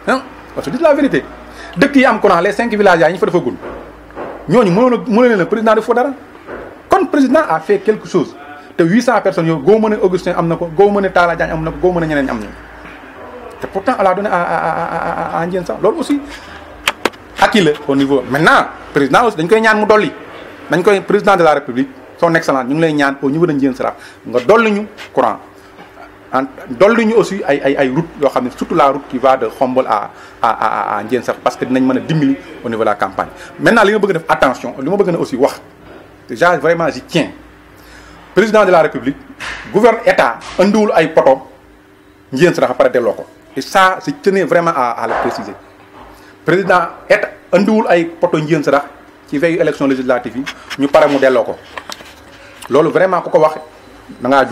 hein on se dit la vérité dëkk yi am courant les cinq villages à ñu fa defagul ñooñu mënoon a mënoon le président def dara kon président a fait quelque chose te 800 personnes yow goo mën a Augustin am na ko goo mën a en Diagne am na ko goo mën a ñeneen am nañu te pourtant donné à à à à Ndiène sax loolu aussi acquis la au niveau maintenant président aussi dañ koy ñaan mu dolli dañ koy président de la république son excellence ñu ngi lay ñaan au niveau de Ndiène Sarax nga dolli ñu courant dans dolli ñu aussi ay ay ay route yo xamné surtout la route qui va de Khombol à à à à Ndiène sax parce que dinañ mëna a dimbali au niveau de la campagne. maintenant li nga bëgg def attention li ma bëgg na aussi wax déjà vraiment j'y tiens président de la république gouverne état andoul ay poto Ndiène sax ba pare ko et ça je tenir vraiment à à le préciser président état andoul ay poto Ndiène sax ci veille élection législative yi ñu pare mu délo ko lolu vraiment ku ko wax da ngaa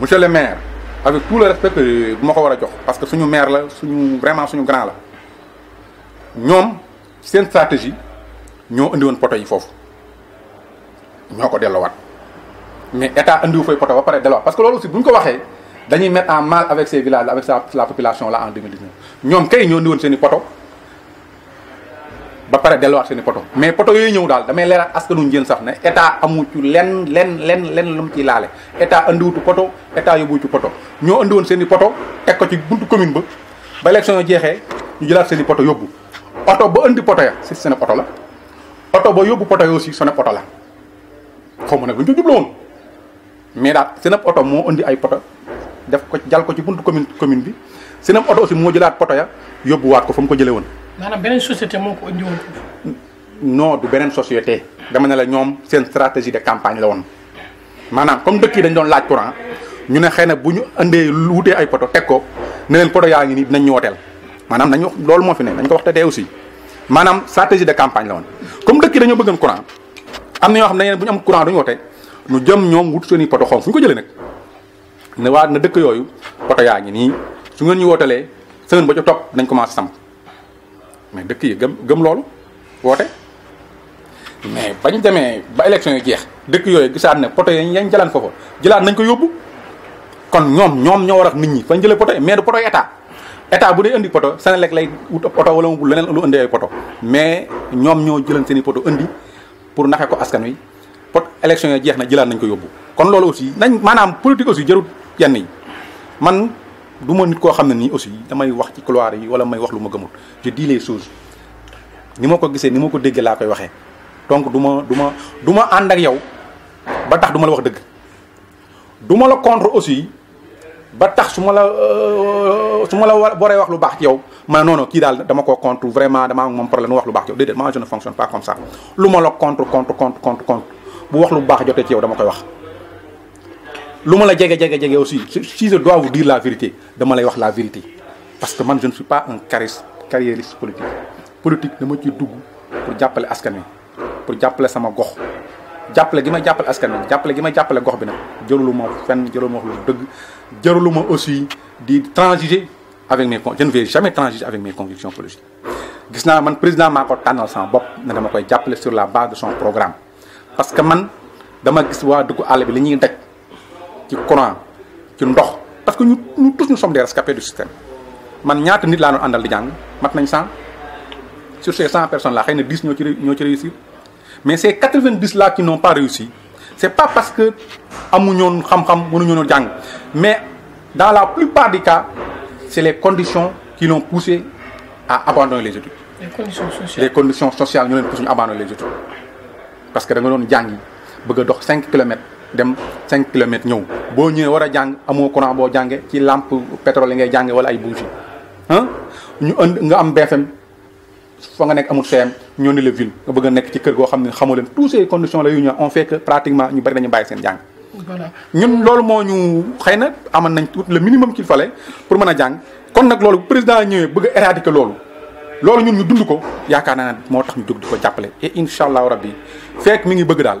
monsieur le maire avec tout le respect que vous ma faire, parce parce que suñu maire la suñu vraiment suñu grand Nous, c'est une stratégie ñoo indi porter poto yi Nous ñoo ko mais l'État a fay porte ba de loi parce que si aussi le nous ko mettre en mal avec ces villages avec la population là en 2019 Nous, avons ñoo porte. ba pare delluwaat seni poto mais poto yooyu ñëw daal damay leeral askanu njën sax ne état amu ci len len len len lum ci laale état andiwutu poto état yobu ci poto ñoo andi woon seni poto teg ko ci buntu commune ba ba élection yo jeexee ñu jëlaat poto yóbbu oto ba andi poto ya si seen poto la oto ba yóbbu poto yo ya aussi seen poto la xaw ma nag luñ jublu woon mais daal seen poto moo andi ay poto def ko jal ko ci buntu commune commune bi seen oto aussi moo jëlaat poto ya yóbbuwaat ko fa mu ko jëlee woon maanaam beneen société moo ko indiwoon noo du beneen société. dama ne la ñoom seen stratégie de campagne la woon maanaam comme dëkk yi dañ doon laaj courant ñu ne xëy na bu ñu andee wutee ay poto teg ko ne leen poto yaa ngi nii dinañ ñu wooteel maanaam nañu loolu moo fi ne dañ ko wax te aussi maanaam stratégie de campagne la woon comme dëkki yi dañoo bëggoon courant am na ñoo xam ne bu ñu am courant duñu woote ñu jëm ñoom wut seeni poto xom fu ñu ko jëlee nag ne waa na dëkk yooyu poto yaa ngi nii su ngeen ñu wootelee semaine ba ca topp nañ samp mais dëkk yi gëm gëm loolu woote mais bañ demee ba élection yi jeex dëkk yooyu gisaat ne poto yi yañ jëlaan foofu jëlaat nañ ko yóbbu kon ñoom ñoom ñoo war ak nit ñi fañ jëlee poto mais du poto état état bu dee indi poto Senelec lay wut poto wala mu leneen lu indi ay poto mais ñoom ñoo jëlan seen i poto indi pour naxe ko askan wi pot élection yi jeex na jëlaat nañ ko yóbbu kon loolu aussi nañ maanaam politique aussi jarut yenn yi man du ma nit koo xam ne nii aussi damay wax ci couloir yi wala may wax lu ma gëmul je dis les choses ni ma ko gisee ni ma ko déggee laa koy waxee donc du ma du ma du ma ànd ak yow ba tax du la wax dëgg du ma la contre aussi ba tax su ma la euh, su ma la waree wax lu baax ci yow ma non non kii daal dama koo contre vraiment lu baax ci yow déedéet moi je ma la contre contre contre contre contre bu wax lu baax jotee ci yow dama koy wax. Luma la jege jege jege aussi si je dois vous dire la vérité dama lay wax la vérité parce que man je ne suis pas un carriériste politique politique dama ci dugg pour jàppale askan pour jàppale sama gox jàppale gi ma jàppale askan wi jàppale gi ma jàppale gox bi Je jërulu ma fenn jërulu ma wax lu dëgg jërulu ma aussi de transiger avec mes je ne vais jamais transiger avec mes convictions politiques gis naa man président maa ko tànnal sama bopp ne dama koy jàppale sur la base de son programme parce que man dama gis waa dugg àll bi li qui courant qui parce que nous tous nous sommes des rescapés du système man gens nit laa doon àndal di mat sur ces 100 personnes là il y en ci qui ci mais ces 90 là qui n'ont pas réussi ce n'est pas parce que nous xam-xam mënuñoon jàng mais dans la plupart des cas c'est les conditions qui l'ont poussé à abandonner les études. les conditions sociales les conditions sociales poussé à abandonner les études parce que da nga doon jàngi bëgg nous dox 5 kilomètres. dem 5 km ñew bo ñëwé wara jang amo courant bo jangé ci lampe pétrole ngay jangé wala ay bougie hein ñu ënd nga am BFM fa nga nek amul CM ñoo ni la ville nga bëgg nek ci kër go xamni xamul leen tous ces conditions la yu ñu on fait que pratiquement ñu bari nañu bay seen jang voilà ñun loolu mo ñu xeyna na nañ tout le minimum qu'il fallait pour mëna jang kon nak loolu président ñëwee bëgg éradiquer loolu loolu ñun ñu dund ko yaakaar na moo tax ñu dug diko jappalé et inshallah rabbi fek mi ngi bëgg dal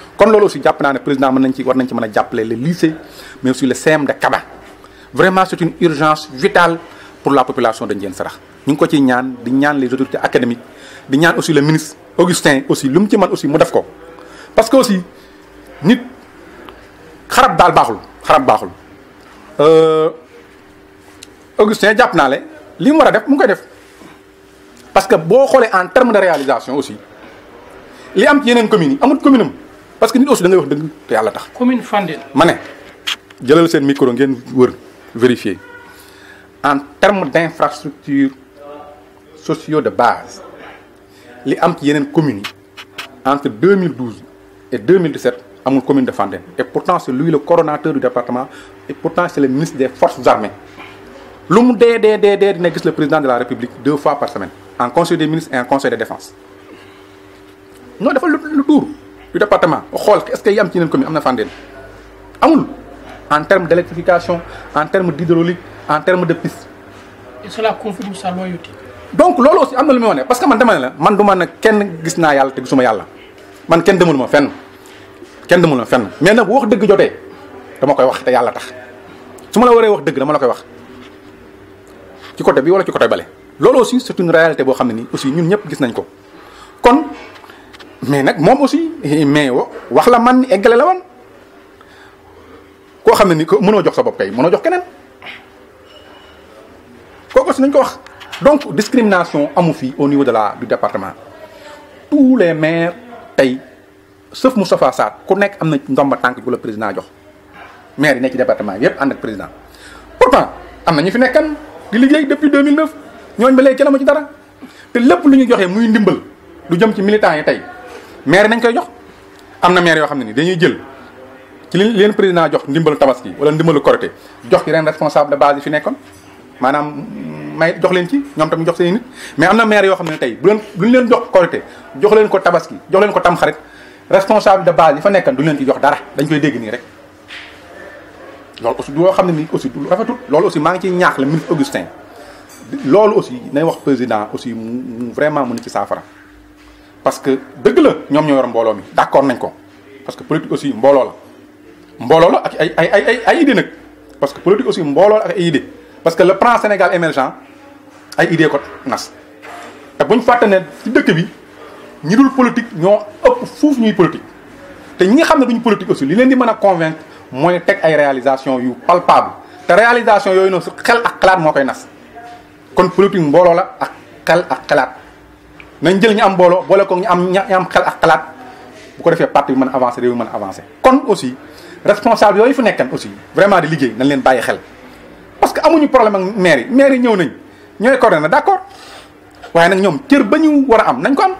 kon loolu aussi jàpp naa ne président mën nañ ci war nañ ci mën a jàppale le lycée mais aussi le CM de Kaba vraiment c'est une urgence vitale pour la population de Ndiène Sarax ñu ngi ko ciy ñaan di ñaan les autorités académiques di ñaan aussi le ministre Augustin aussi lu mu ci mën aussi mu def ko parce que aussi nit xarab daal baaxul xarab baaxul euh, Augustin jàpp naa le li mu war a def mu ngi koy def parce que boo xoolee en terme de réalisation aussi li am ci yeneen communes yi amut commune parce que nous aussi da wax de commune Fandine. Mané, je jëlal micro vérifier en termes d'infrastructures sociaux de base les am qui viennent communes entre 2012 et 2017 une commune de Fandène et pourtant c'est lui le coordonnateur du département et pourtant c'est le ministre des forces armées L'homme le président de la république deux fois par semaine en conseil des ministres et en conseil de défense non dafa fait le tour. du département xol est ce que yam ci ñen commune amna fandel amul en termes d'électrification en termes d'hydraulique en termes de piste et cela confirme sa loyauté donc lolu aussi amna lumuy woné parce que man dama la man duma nak kenn gis na yalla te gisuma yalla man kenn demul ma fenn kenn demul ma fenn mais nak wax deug joté dama koy wax te yalla tax suma la waré wax deug dama la koy wax ci côté bi wala ci côté balé lolu aussi c'est une réalité bo xamni aussi ñun ñep gis nañ ko kon mais nak aussi aussi mais wax la man la ko jox sa kay jox donc discrimination amu au niveau de la du département tous les maires sauf Moustapha Fassad, ku président jox maire yi département yépp pourtant amna depuis 2009 Ils ba ci dara te lepp lu ñu joxé muy ndimbal du jëm ci maire dañ koy jox am na maire yoo xam ne ni dañuy jël ci li leen président jox ndimbalu tabaski wala ndimbalu korité jox yeneen responsable de base yi fi nekkoon maanaam may jox leen ci ñoom tamit jox seen nit mais am na maire yoo xam ne tey bu leen lu ñu leen jox korité jox leen ko tabaski jox leen ko tamxarit responsable de base yi fa nekkan du leen ci jox dara dañ koy dégg nii rek loolu aussi du loo xam ne nii aussi du rafetul loolu aussi maa ngi ciy ñaax la ministre Augustin loolu aussi nay wax président aussi mu vraiment mën ci saafara parce que dëgg la ñoom ñoo yor mbooloo mi d'accord nañ ko parce que politique aussi mbolo la mbolo la ak ay ay ay ay idée nak parce que politique aussi mbolo la ak ay idée parce que le plan Sénégal émergent ay idée ko nas te buñ fàtte ne ci dëkk bi ñi dul politique ñoo ëpp fouf ñuy politique te ñi nga xam duñu politique aussi li leen di mëna convaincre moy tek ay réalisation yu palpable te réalisation yooyu noonu su xel ak xalaat mo koy nas kon politique mbolo la ak xel ak xalaat nañ jël ñu am mbooloo boole ko ñu am ñu am xel ak xalaat bu ko defee parti bi mën avancer réew man mën avancer. kon aussi responsable yooyu fu nekkan aussi vraiment di liggéey nañ leen bàyyi xel parce que amuñu problème ak maire yi maire yi ñëw nañ ñooy coordonné d' accord waaye nag ñoom cër ba ñu war a am nañ ko am.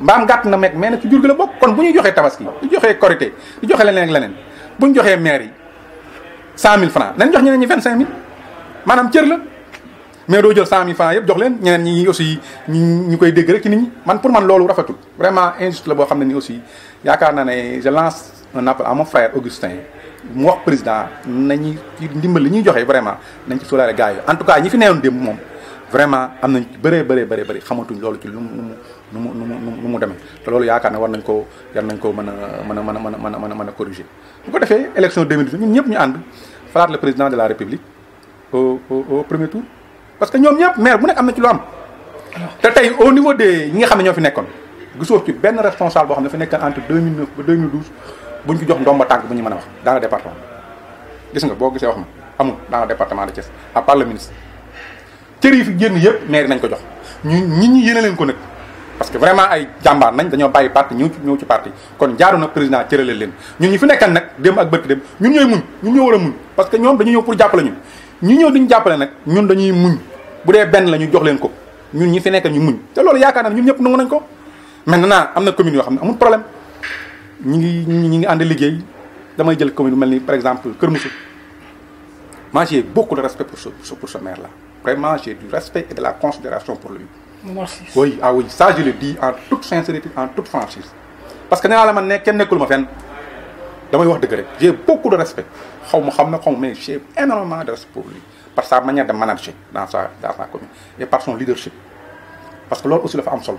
mbaam gàtt na meeg mais nag ci jur la bokk kon bu ñu joxee tabaski bu ñu joxee korité bu ñu joxee leneen ak leneen bu ñu joxee maire yi cent mille francs nañ jox ñeen ñi vingt cinq mille maanaam cër la. mais doo jël cent mille francs yëpp jox leen ñeneen ñi aussi ñi ñu koy dégg rek ci nit ñi man pour man loolu rafetul vraiment injuste la boo xam ne ni aussi yaakaar naa ne je lance un appel à mon frère Augustin mu wax président nañu ci ndimbal li ñuy joxe vraiment nañ ci sóoraale gars yi en tout cas ñi fi neewoon démb moom vraiment am nañ ci bëree bëree bëree bëri xamatuñ loolu ci lu mu nu mu nu mu nu mu demee te loolu yaakaar ne war nañ ko yar nañ ko mën a mën a mën a mën a mën a mën a corriger bu ko defee élection 2018 ñun ñëpp ñu ànd falaat le président de la république au au au premier tour parce que ñom ñep maire bu nekk amna ci lu am. te tay au niveau des ñi nga xam ne ñoo fi ci ben responsable bo xam ne dafa entre 2009 ba 2012 buñ ko jox ndomba tank buñu mëna wax dans le département gis nga bo gisé wax ma amul dans le département de Thiès à part le ministre cër yi fi génn yëpp maire nañ ko jox ñu nit ñi yéene leen ko nag parce que vraiment ay jambar nañ dañoo bàyyi parti ñëw ci ñëw ci parti kon jaaru na président cërale leen ñun ñi fi nekkal nag dem ak bëtt dem ñun ñooy muñ ñun ñoo war a muñ parce que ñoom dañu ñëw pour jàppale ñun ñi ñëw duñ jàppale nag ñun dañuy muñ bu dee benn la ñu jox leen ko ñun ñi fi nekk ñu muñ te loolu yaakaar na ñun ñëpp nangu nañ ko maintenant am na commune yoo xam ne amul problème ñi ngi ñi ngi ànd liggéey damay jël commune mel ni par exemple Kër Moussa moi j'ai beaucoup de respect pour ce pour ce maire là vraiment j'ai du respect et de la considération pour lui. merci oui ah oui ça je le dis en toute sincérité en toute franchise parce que nee la man ne kenn nekkul ma fenn damay wax dëgg rek j'ai beaucoup de respect xaw ma xam na xaw mais j'ai énormément de respect pour lui. par sa manière de manager dans nah, sa dans sa commune et ya, par son leadership parce que loolu aussi dafa am solo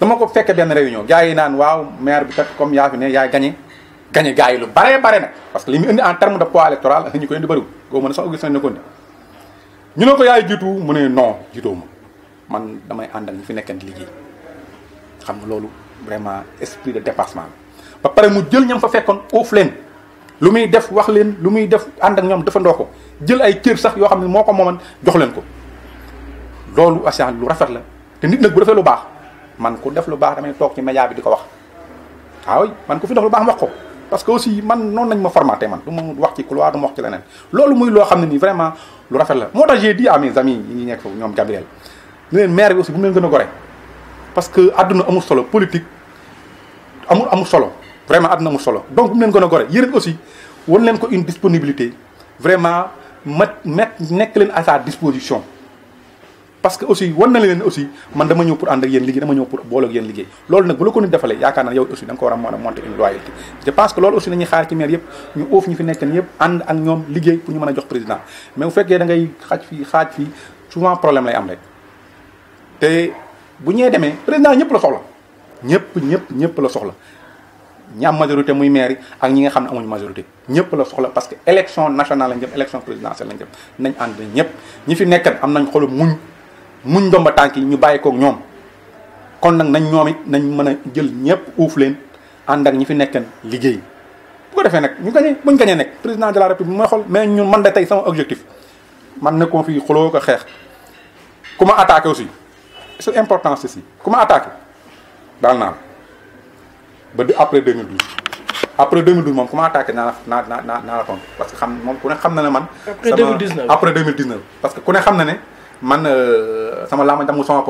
dama ko fekke ben réunion gaay yi ya waaw maire bi tak comme ya fi ne yaay gagné gagné gaay yi lu bare bare nag parce que limi indi en terme de poids électoral ñu ko indi bëriwul goo mën sax ne ko ñu ne ko yaay jitu mu non ma man damay andal fi nekkan xam nga loolu vraiment esprit de dépassement ba pare mu jël ñam fa fekkon ouf leen lu def wax leen lu def and ak ñom defandoko jël ay cër sax yoo xam ne moo ko mooman jox leen ko loolu assurance lu rafet la te nit nag bu defee lu baax man ku def lu baax damay toog ci média bi di ko wax waaw man ku fi def lu baax wax ko parce que aussi man noonu lañ ma formaté man du ma wax ci couloir du ma wax ci leneen loolu muy loo xam ne nii vraiment lu rafet la moo tax j'ai dit à mes amis yi ñuy nekk foofu ñoom Gabriel ne leen maire bi aussi bu mu leen gën a gore parce que àdduna amul solo politique amul amul solo vraiment àdduna amul solo donc bu mu leen gën a aussi wan leen ko une disponibilité vraiment mat met nekk leen à sa disposition parce que aussi war na leen aussi man dama ñëw pour ànd ak yéen liggéey dama ñëw pour boole ak yéen liggéey loolu nag bu la ko nit defalee yaakaar naa yow aussi da ko war a mën a monter une loyauté je pense que loolu aussi nañuy xaar ci maire yëpp ñu oof ñu fi nekk nii yëpp ànd ak ñoom liggéey pour ñu mën a jox président mais bu fekkee da xaaj fii xaaj fii souvent problème lay am rek te bu ñee demee président ñëpp la soxla ñëpp ñëpp ñëpp la soxla ñi am majorité muy maire ak ñi nga xamne amuñu majorité ñepp la soxla parce que élection nationale lañ élection présidentielle lañ jëm nañ and ñepp ñi fi nekkat am nañ xolu muñ muñ domba tanki ñu bayé ko ñom kon nak nañ ñomit nañ mëna jël ñepp ouf leen and ak ñi fi nekkan liggéey bu ko defee nak ñu gagné buñ gagné nekk président de la république mooy xol mais ñun man da tay sama objectif man ne ko fi xuloo ko xex kuma attaquer aussi c'est important ceci kuma attaquer dal na ba di après 2012 après 2012 moom ku ma attaqué naa la naa naa naa la tontu parce que xam moom ku ne xam na ne man. après 2019 après 2019. parce que ku ne xam na ne man euh, sama làmbañ amul sama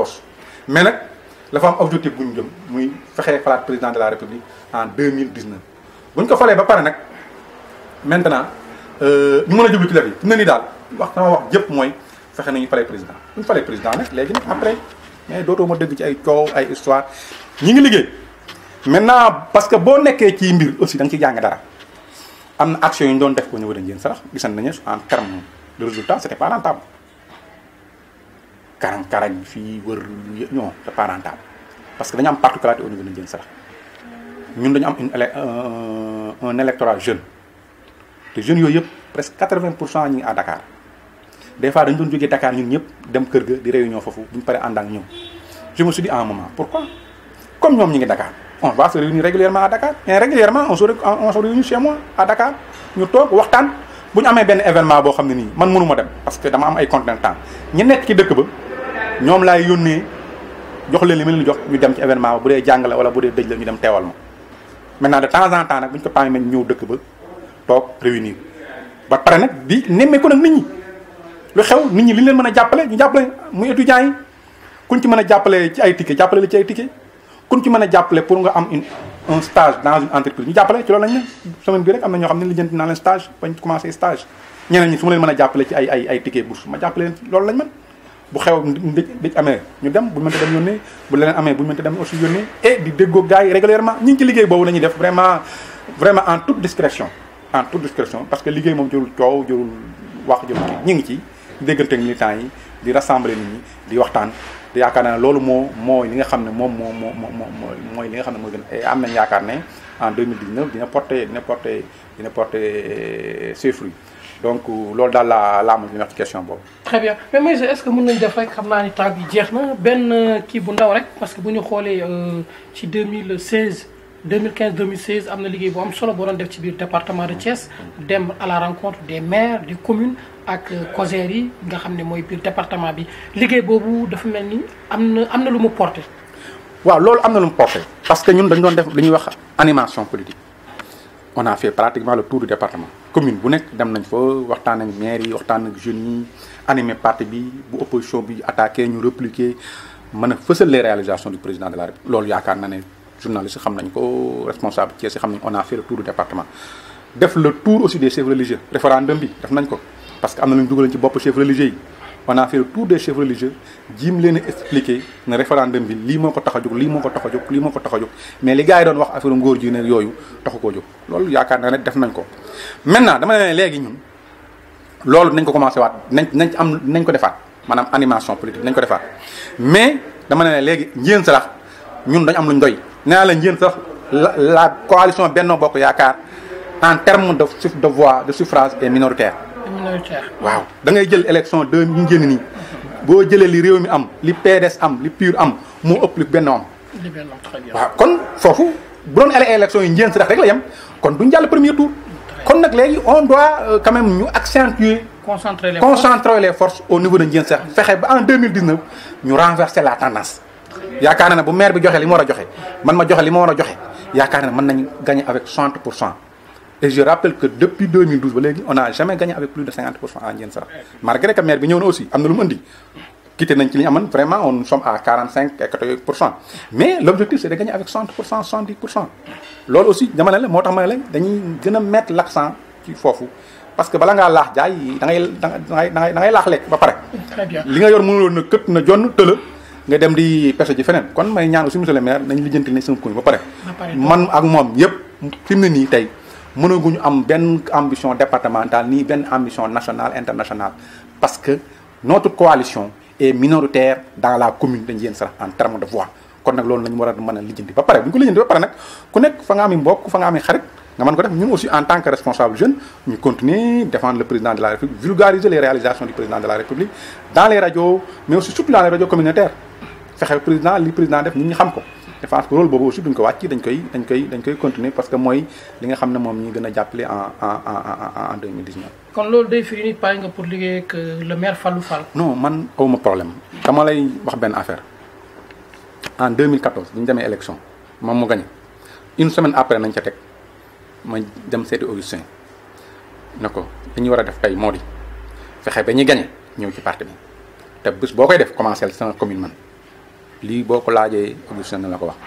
mais nag dafa am objectif bu ñu jëm muy fexe falaat président de la république en 2019 bu ñu ko falee ba pare nag maintenant euh, ñu mën a jublu ci lépp yi fi daal wax sama mooy fexe nañu falee président bu président léegi nag après mais dootoo ma dégg ci ay coow ay histoire ñi ngi liggéey. maintenant parce que bo nekké ci mbir aussi dang ci jang dara amna action yu ñu doon def ko ñëw dañ yéen sax gissane nañu en terme de résultat c'était pas rentable karang karang fi wër ñoo non c'est pas rentable parce que dañu am particularité au niveau de Ndiène sax ñun dañu am une un, euh, un électorat jeune te jeunes yooyu yëpp presque 80 ñi à Dakar des fois dañu doon joggé Dakar ñun ñëpp dem kër ga di réunion fofu buñu paré andal ànd je me suis dit à un moment pourquoi comme ñom ñi ngi Dakar on va se réunir régulièrement à Dakar mais régulièrement on se on se réunit chez à Dakar ñu toog waxtaan bu ñu amee benn événement boo xam ne nii man mënuma dem parce que dama am ay contraintes ñi nekk ci dëkk ba ñoom laay yónnee jox leen li ma leen jox ñu dem ci événement bu dee jàng la wala bu dee dëj la ñu dem teewal ma maintenant de temps en temps nag bu ñu ko permettre ñëw dëkk ba toog réunir ba pare nag di nemmeeku nag nit ñi lu xew nit ñi li leen mën a jàppale ñu jàppale muy étudiants yi kuñ ci mën a jàppale ci ay ticket jàppale la ci kun ci mën a jàppale pour nga am une un stage dans une entreprise ñu jàppale ci loolu lañ ne semaine bi rek am na ñoo xam ne lijjanti naa leen stage bañ commencé stage ñeneen ñi su ma leen mën a jàppale ci ay ay ay ticket bourse ma jàppale leen loolu lañ mën bu xew ndëj ndëj amee ñu dem buñu mënta dem yónnee bu leneen amee buñu mënta dem aussi yónnee e di déggoo gars yi régulièrement ñu ngi ci liggéey boobu la def vraiment en toute discrétion en tout discrétion parce que liggéey moom jërul coow jërul wax jërul kii ñu yi di rassembler nit ñi di waxtaan te yaakaar naa loolu moo moo li nga xam ne moom moo moo moo mooy li nga xam ne moo gën am nañ yaakaar ne en 2019 dina porté dina porté dina porté euh, ses fruits donc euh, loolu daal laa laa am ci question boobu. très bien mais Maïssa est-ce que mën nañ def rek xam naa ni temps bi jeex na benn euh, kii bu ndaw rek parce que bu ñu xoolee ci 2016. 2015 2016 amna na liggéey am solo boo def ci biir département de Thiès dem à la rencontre des maires des communes ak euh, COSER yi nga xamné moy biir département bi liggéey bobu dafa melni amna amna na am lu mu waaw loolu amna lu mu parce que ñun dañ doon def li wax animation politique on a fait pratiquement le tour du département commune bu nek dem nañ fa waxtaan ak maire yi waxtaan ak jeunes yi animé parti bi bu opposition bi attaquer ñu répliquer mën a fësal les réalisations du président de la République loolu yaakaar na ne. journaliste xam nañ ko responsable Thiès xam nañ on a fait le tour du département def le tour aussi des chefs religieux référendum bi def nañ ko parce que am na lu ñu dugalañ ci bopp chefs religieux yi on a fait le tour des chefs religieux jiim leen a expliqué ne référendum lii moo ko tax a jóg lii moo ko tax a jóg mais li gars yi doon wax affaire ngóor ji ne yooyu taxu koo jóg loolu yaakaar naa ne def nañ ko maintenant dama ne léegi ñun loolu nañ ko commencé ñun dañ am luñ doy nee la yéen sax la coalition Benno Bokk Yaakaar en terme de de voix de suffrage est minoritaire. minoritaire waaw da ngay jël élection deux ñu génn nii. boo jëlee li réew mi am li PDS am li PUR am moo ëpp li Benno am. waaw kon foofu bu doon ele élection yi njéen si rek la yem kon duñ jàll premier tour. kon nag léegi on doit euh, quand même ñu accentuer. concentrer les forces concentrer les forces au niveau de Ndiène Sax fexe ba en 2019, ñu renverser la tendance yaakaar na bu maire bi joxe li mu war a joxe man ma joxe li ma war a joxe yaakaar na ne mën nañu gagner avec 60 et je rappelle que depuis 2012 ba léegi on a jamais gagné avec plus de 50 à Ndiène Sara malgré que maire bi ñëw na aussi am na lu mu indi quitté nañ ci li amoon vraiment on sommes à 45 et 80 mais l'objectif c'est de gagner avec 60 70 loolu aussi dama ne la moo tax ma ne la dañuy gën a mettre l'accent ci foofu parce que bala ngaa laax jaay da ngay da ngay da ngay laax lekk ba pare. li nga yor mënuloon na kët na jonn tëla nga dem di pêche ji feneen kon may ñaan aussi monsieur le maire nañ lijjanti ne sama commune ba pare man ak moom yëpp fi mu ne nii tey mënaguñu am benn ambition départementale ni benn ambition nationale internationale parce que notre coalition est minoritaire dans la commune de Ndiéyène en terme de voix kon nag loolu lañu war a mën a lijjanti ba pare bu ñu ko lijjanti ba pare nag ku nekk fa nga ami mbokk fa nga ami xarit nga mën ko def ñun aussi en tant que responsable jeune ñu continuer défendre le président de la république vulgariser les réalisations du président de la république dans les radios mais aussi surtout dans les radios communautaires fexé président li président def nit ñi xam ko je pense que rôle bobu aussi duñ ko wacc dañ koy dañ koy dañ koy continuer parce que moy li nga xam mom ñi gëna jappelé jàppale en en en en en 2019 kon lool day firi nit pare nga pour liggéey ak euh, le maire Fallou Fall non man awuma problème dama lay wax ben affaire en 2014 biñ démé élection mom mo gagné une semaine après nañ ca teg ma dem seeti Augustin ne ko li ñu def tay modi fexé bañu gagné ñew ci parti bi té bëss bokay def commencer sama commune man lii boo ko laajee Augustin na la ko wax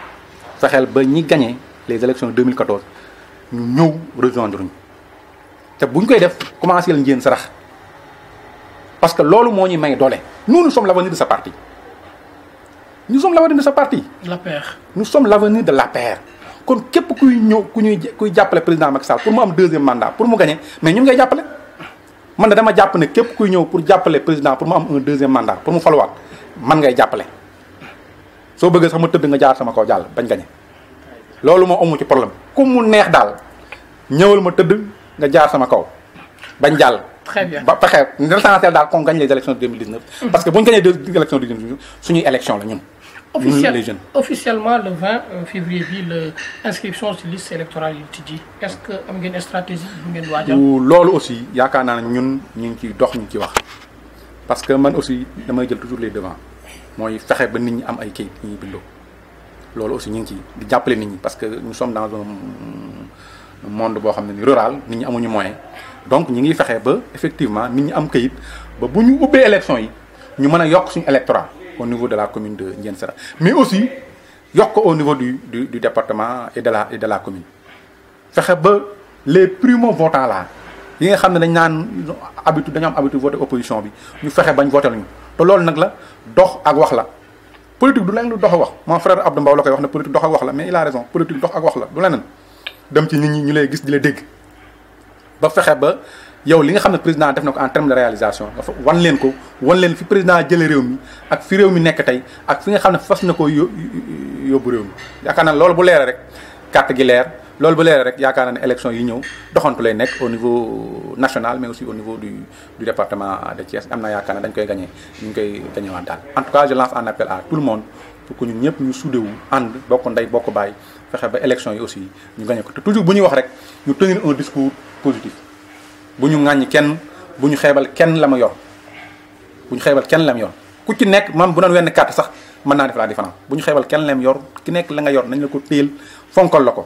xel ba ñi gagné les élections 2014 ñu ñëw rejoindre ruñ te bu ñu koy def commencé leen njéen sarax parce que loolu moo ñu may doole nous nous sommes l'avenir de sa parti nous sommes l'avenir de sa parti. l'APR nous sommes l'avenir de l'APR kon képp kuy ñëw ku ñuy kuy jàppale président Macky Sall pour mu am deuxième mandat pour mu gagné mais ñu ngay jàppale man dama jàpp ne képp kuy ñëw pour jàppale président pour mu am un deuxième mandat pour mu faluwaat man ngay soo bëggee sax ma tëdd nga jaar sama kaw jàll bañ gañe loolu moo amu ci problème ku mu neex daal ñëwal ma tëdd nga jaar sama kaw bañ jàll. très bien ba fexe l'essentiel daal qu'on gagne les élections de 2019. Mm. parce que bu la ñun. ñun les jeunes officiellement le 20 euh, février bi la inscription ci que am ngeen stratégie bu ngeen waajal. loolu aussi yaakaar naa ne ñun ñu ngi ciy dox ñu ngi ciy wax parce que man aussi damay jël toujours les devants. moi fexe ba nit ñi am ay kayit ñi bindo loolu aussi ñu ngi ci di jàppale nit ñi parce que nous sommes dans un monde boo xam ne ni rural nit ñi amuñu moyen donc ñi ngi fexe ba effectivement nit ñi am kayit ba bu ñu ubbee élection yi ñu mën a yokk suñu au niveau de la commune de Ndiène Sera mais aussi yokk ko au niveau du, du du département et de la et de la commune fexe ba les primo votants là yi nga xam ne dañ naan habitu dañoo am habitu voter opposition bi ñu fexe bañ voter luñu te loolu nag la dox ak wax la politique du leneen lu dox ak wax mon frère Abdou Mbow la koy wax ne politique dox ak wax la mais il a raison politique dox ak wax la du leneen dem ci nit ñi ñu lay gis di la dégg ba fexe ba yow li nga xam ne président def na ko en terme de réalisation wan leen ko wan leen fi président jëlee réew mi ak fi réew mi nekk tey ak fi nga xam ne fas na ko yóbbu réew mi yaakaar naa loolu bu leeree rek carte gi leer. lolou bu leer rek yaakaar naa ne élection yi ñëw doxantu lay nekk au niveau national mais aussi au niveau du du département de Thiès am naa yaakaar ne dañ koy gagné ñu ngi koy gagné waat daal en tout cas je lance un appel à tout le monde pour que ñun ñëpp ñu soudé wu ànd bokk ndey bokk baay fexe ba élection yi aussi ñu gagné ko te toujours bu ñuy wax rek ñu tenir un discours positif bu ñu ŋàññ kenn bu ñu xeebal kenn la ma yor bu ñu xeebal kenn la ma yor ku ci nekk man bu doon wenn carte sax mën naa def la différence bu ñu xeebal kenn la ma yor ki nekk la nga yor nañ la ko téel fonkol la ko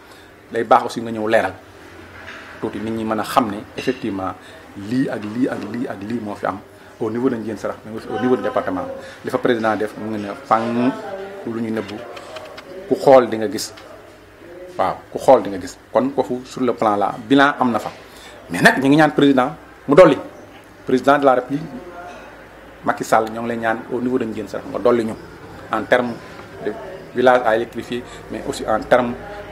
day bax aussi nga ñew leral tuuti nit ñi mëna xamné effectivement li ak li ak li ak li mo fi am au niveau de ngien Sarax mais aussi au niveau de département li fa président def mu ngi ne fang lu ñu nëbbu ku xol di nga gis waaw ku xol di nga gis kon foofu sur le plan là bilan am na fa mais nak ñi ngi ñaan président mu doli président de la république Macky Sall ñong lay ñaan au niveau de ngien Sarax nga doli ñu en terme de village à électrifier mais aussi en terme